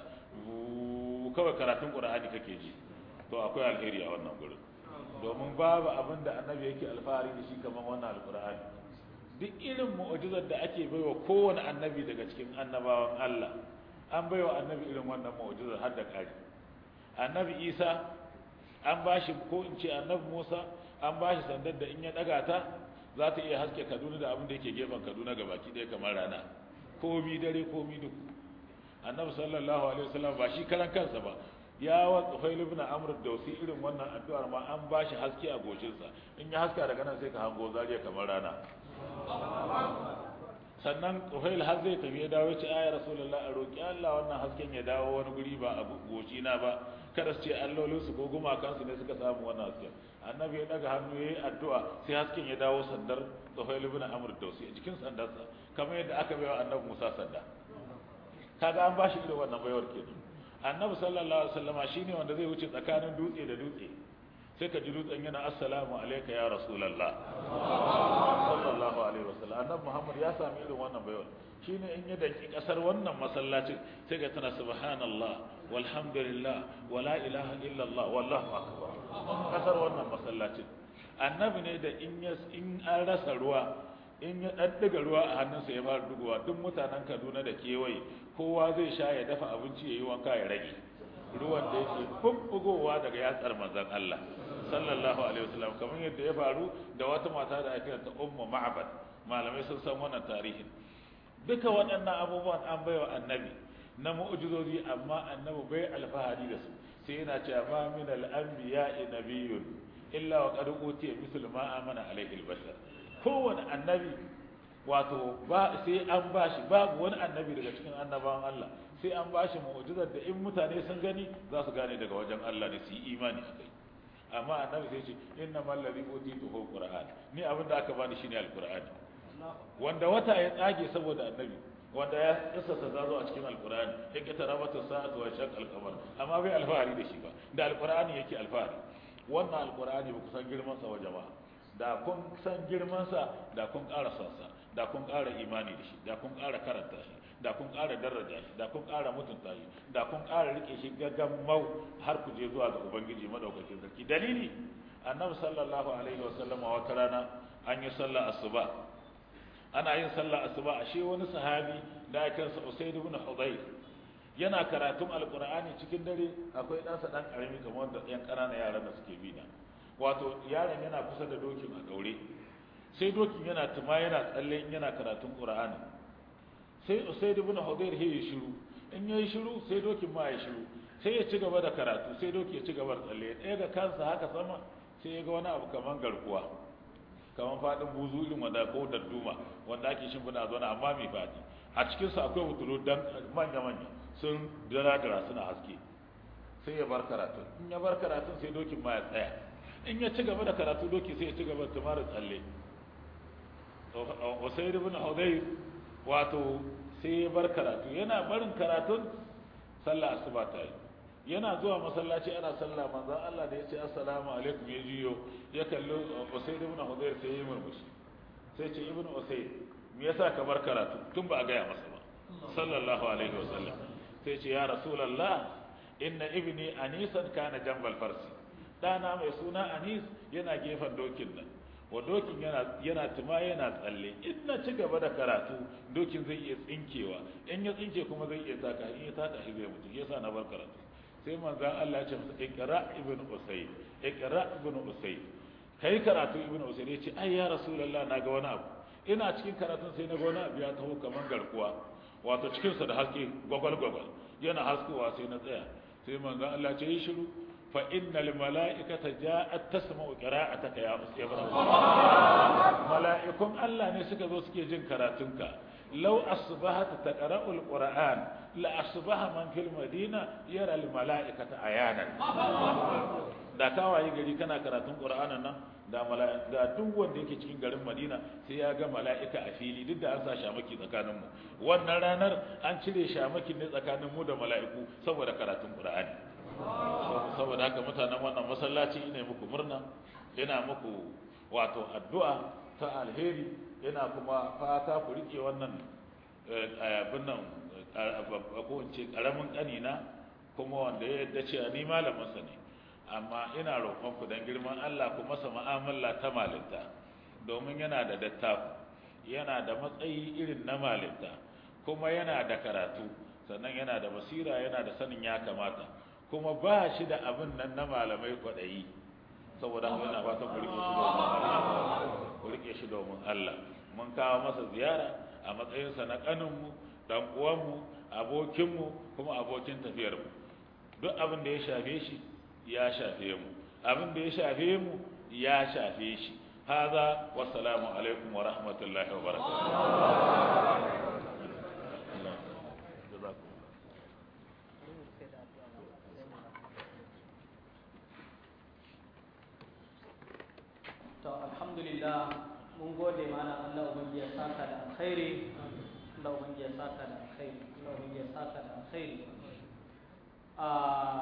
kawai karatun qur'ani kake ji to akwai alheri a wannan gurin domin babu abin da annabi yake alfahari da shi kamar wannan alƙura'ani duk irin mu'ujizar da ake baiwa kowane annabi daga cikin annabawan Allah an baiwa annabi irin wannan mu'ujizar har da kari annabi Isa an bashi ko in ce annabi Musa an bashi sandar da in ya daga ta za ta iya haske Kaduna da abin da yake gefen Kaduna baki ɗaya kamar rana komi dare komi duk annabi sallallahu alaihi wasallam ba shi karan kansa ba ya wa Tufail ibn Amr dausi irin wannan addu'ar ma an ba shi haske a goshinsa in ya haska daga nan sai ka hango zariya kamar rana sannan tufail har zai tafi ya dawo ce ayar rasulullah a roƙi Allah wannan hasken ya dawo wani guri ba a goshi na ba kada su ce allolin su ko kansu ne suka samu wannan hasken annabi ya daga hannu yayi addu'a sai hasken ya dawo sandar tufail ibn amr dausi a sandar sandarsa kamar yadda aka bayar annabi Musa sanda kaga an ba shi irin wannan bayawar kenan annabi sallallahu alaihi wasallama shine wanda zai wuce tsakanin dutse da dutse sai ka ji dutsen yana assalamu alayka ya rasulullah sallallahu alaihi wasallam annabi muhammad ya sami irin wannan bayan shine in ya daki kasar wannan masallacin sai ka tana subhanallah walhamdulillah wala ilaha illallah wallahu akbar kasar wannan masallacin annabi ne da in in an rasa ruwa in ya daga ruwa a hannunsa ya fara dugowa duk mutanen kaduna da kewaye kowa zai sha ya dafa abinci ya yi wanka ya rage ruwan da yake fuffugowa daga yatsar manzon Allah sallallahu alaihi wasallam kamar yadda ya faru da wata mata da ake ta ummu ma'bad malamai sun san wannan tarihin duka waɗannan abubuwan an baiwa annabi na mu'jizozi amma annabi bai alfahari da su sai yana cewa ma min al-anbiya'i nabiyyun illa wa qad utiya mithlu ma amana alaihi al-bashar kowane annabi wato ba sai an bashi babu wani annabi daga cikin annabawan Allah sai an bashi mu'jizar da in mutane sun gani za su gane daga wajen Allah ne su yi imani akai amma annabi sai ce inna mallazi utitu hu qur'an ni abin da aka bani shine alqur'ani wanda wata ya tsage saboda annabi wanda ya kissasa ta a cikin alqur'ani yake taramatu sa'atu wa shaq alqamar amma bai alfahari da shi ba da alqur'ani yake alfahari wannan alqur'ani ba ku san girman sa wa jama'a da kun san girman sa da kun ƙara sa da kun ƙara imani da shi da kun ƙara karanta shi da kun ƙara daraja shi da kun ƙara mutunta shi da kun ƙara rike shi gaggan mau har ku je zuwa ga ubangiji madaukakin sarki dalili annabi sallallahu alaihi wa sallama wata rana an yi sallah asuba ana yin sallah asuba ashe wani sahabi da ya kansa usaid ibn hudayr yana karatun alqur'ani cikin dare akwai ɗansa ɗan ƙarami kamar da 'yan ƙananan yaran da suke bi na wato yaron yana kusa da dokin a daure sai dokin yana tuma yana tsalle yana karatun qur'ani sai usaid ibn hudair ya shiru in ya yi shiru sai dokin ma ya shiru sai ya ci gaba da karatu sai doki ya ci gaba da tsalle ɗaya ga kansa haka sama sai ya ga wani abu kaman garkuwa kaman faɗin buzu irin wanda ko darduma wanda ake shimfiɗa zaune amma mai faɗi a cikinsu akwai hutulu dan manya-manya sun dara-dara suna haske sai ya bar karatun in ya bar karatun sai dokin ma ya tsaya in ya ci gaba da karatu doki sai ya ci gaba da tumar tsalle wasu ibn hudayr wato sai ya bar karatu yana barin karatun sallah asuba ta yi yana zuwa masallaci ana sallah manzon Allah da ya ce assalamu alaikum ya jiyo ya kalli Usayd ibn Hudayr sai ya yi murmushi sai ce ibn Usayd me yasa ka bar karatu tun ba a gaya masa ba sallallahu alaihi wa sallam sai ce ya rasulullah inna ibni anisan kana jambal farsi dana mai suna anis yana gefen dokin nan wa dokin yana tuma yana tsalle in na ci gaba da karatu dokin zai iya tsinkewa in ya tsinke kuma zai iya taka in ya taka shi zai mutu yasa na bar karatu sai manzo Allah ya ce masa iqra ibn usayd iqra ibn usayd kai karatu ibn usayd ya ce ai ya rasulullah na ga wani abu ina cikin karatun sai na ga wani abu ya taho kaman garkuwa wato cikinsa da haske gwagwal gwagwal yana haskowa sai na tsaya sai manzo Allah ya ce yi shiru fa innal mala'ikata ja'at tasma'u qira'ataka ya Ibrahim mala'ikun Allah ne suka zo suke jin karatunka law asbahata taqra'u alquran la asbaha man fil madina yara al mala'ikata ayanan da kawaye gari kana karatun qur'anan nan da da duk wanda yake cikin garin Madina sai ya ga mala'ika a fili duk da an sa shamaki tsakanin mu wannan ranar an cire shamakin ne tsakanin mu da mala'iku saboda karatun qur'ani saboda haka mutanen wannan masallaci ina muku murna ina muku wato addu'a ta alheri yana kuma fata ku rike wannan eh, abin nan eh, ko in ce karamin kanina kuma wanda ya yadda cewa ni malamin sa ne amma ina roƙon ku dan girman Allah ku masa mu'amala ta malinta domin yana da dattaku yana da matsayi irin na malinta kuma yana da karatu sannan yana da basira yana da sanin ya kamata kuma ba shi da abin nan na malamai kwaɗayi saboda haka yana fatan ku rike shi domin Allah mun kawo masa ziyara a matsayinsa na ƙaninmu dan uwanmu abokinmu kuma abokin tafiyarmu duk abin da ya shafe shi ya shafe mu abin da ya shafe mu ya shafe shi هذا والسلام عليكم rahmatullahi الله وبركاته alhamdulillah mun gode mana Allah ya saka da alkhairi Allah ya saka da alkhairi Allah ya saka da alkhairi a ah,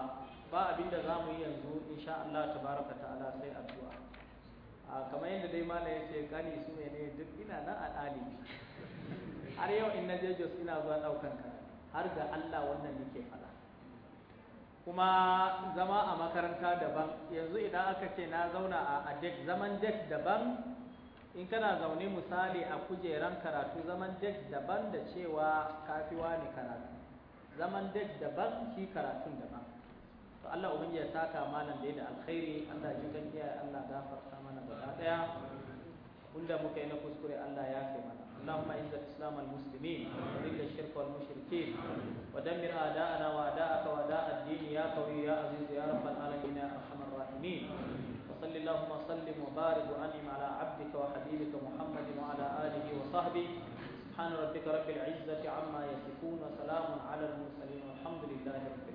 ba abin da zamu yi yanzu insha Allah tabaraka ta'ala sai addu'a a ah, kamar yadda dai mala ya ce gani su ne duk ina nan a har yau in na je Jos ina zuwa daukan ka har ga Allah wannan nake faɗa kuma zama a makaranta daban yanzu idan aka ce na zauna a adek. zaman dek daban in kana zaune misali a kujeran karatu zaman dek daban da cewa kafiwa ne karatu zaman dek daban shi karatun daban to Allah ya saka malam da da alkhairi Allah ya kan iya Allah gafarta mana gaba daya wanda muka yi na kuskure Allah ya kai mana اللهم اعز الاسلام والمسلمين واذل الشرك والمشركين ودمر اعداءنا واعداءك واعداء الدين يا قوي يا عزيز يا رب العالمين يا ارحم الراحمين وصل اللهم وسلم وبارك وانعم على عبدك وحبيبك محمد وعلى اله وصحبه سبحان ربك رب العزه عما يصفون وسلام على المرسلين والحمد لله رب العالمين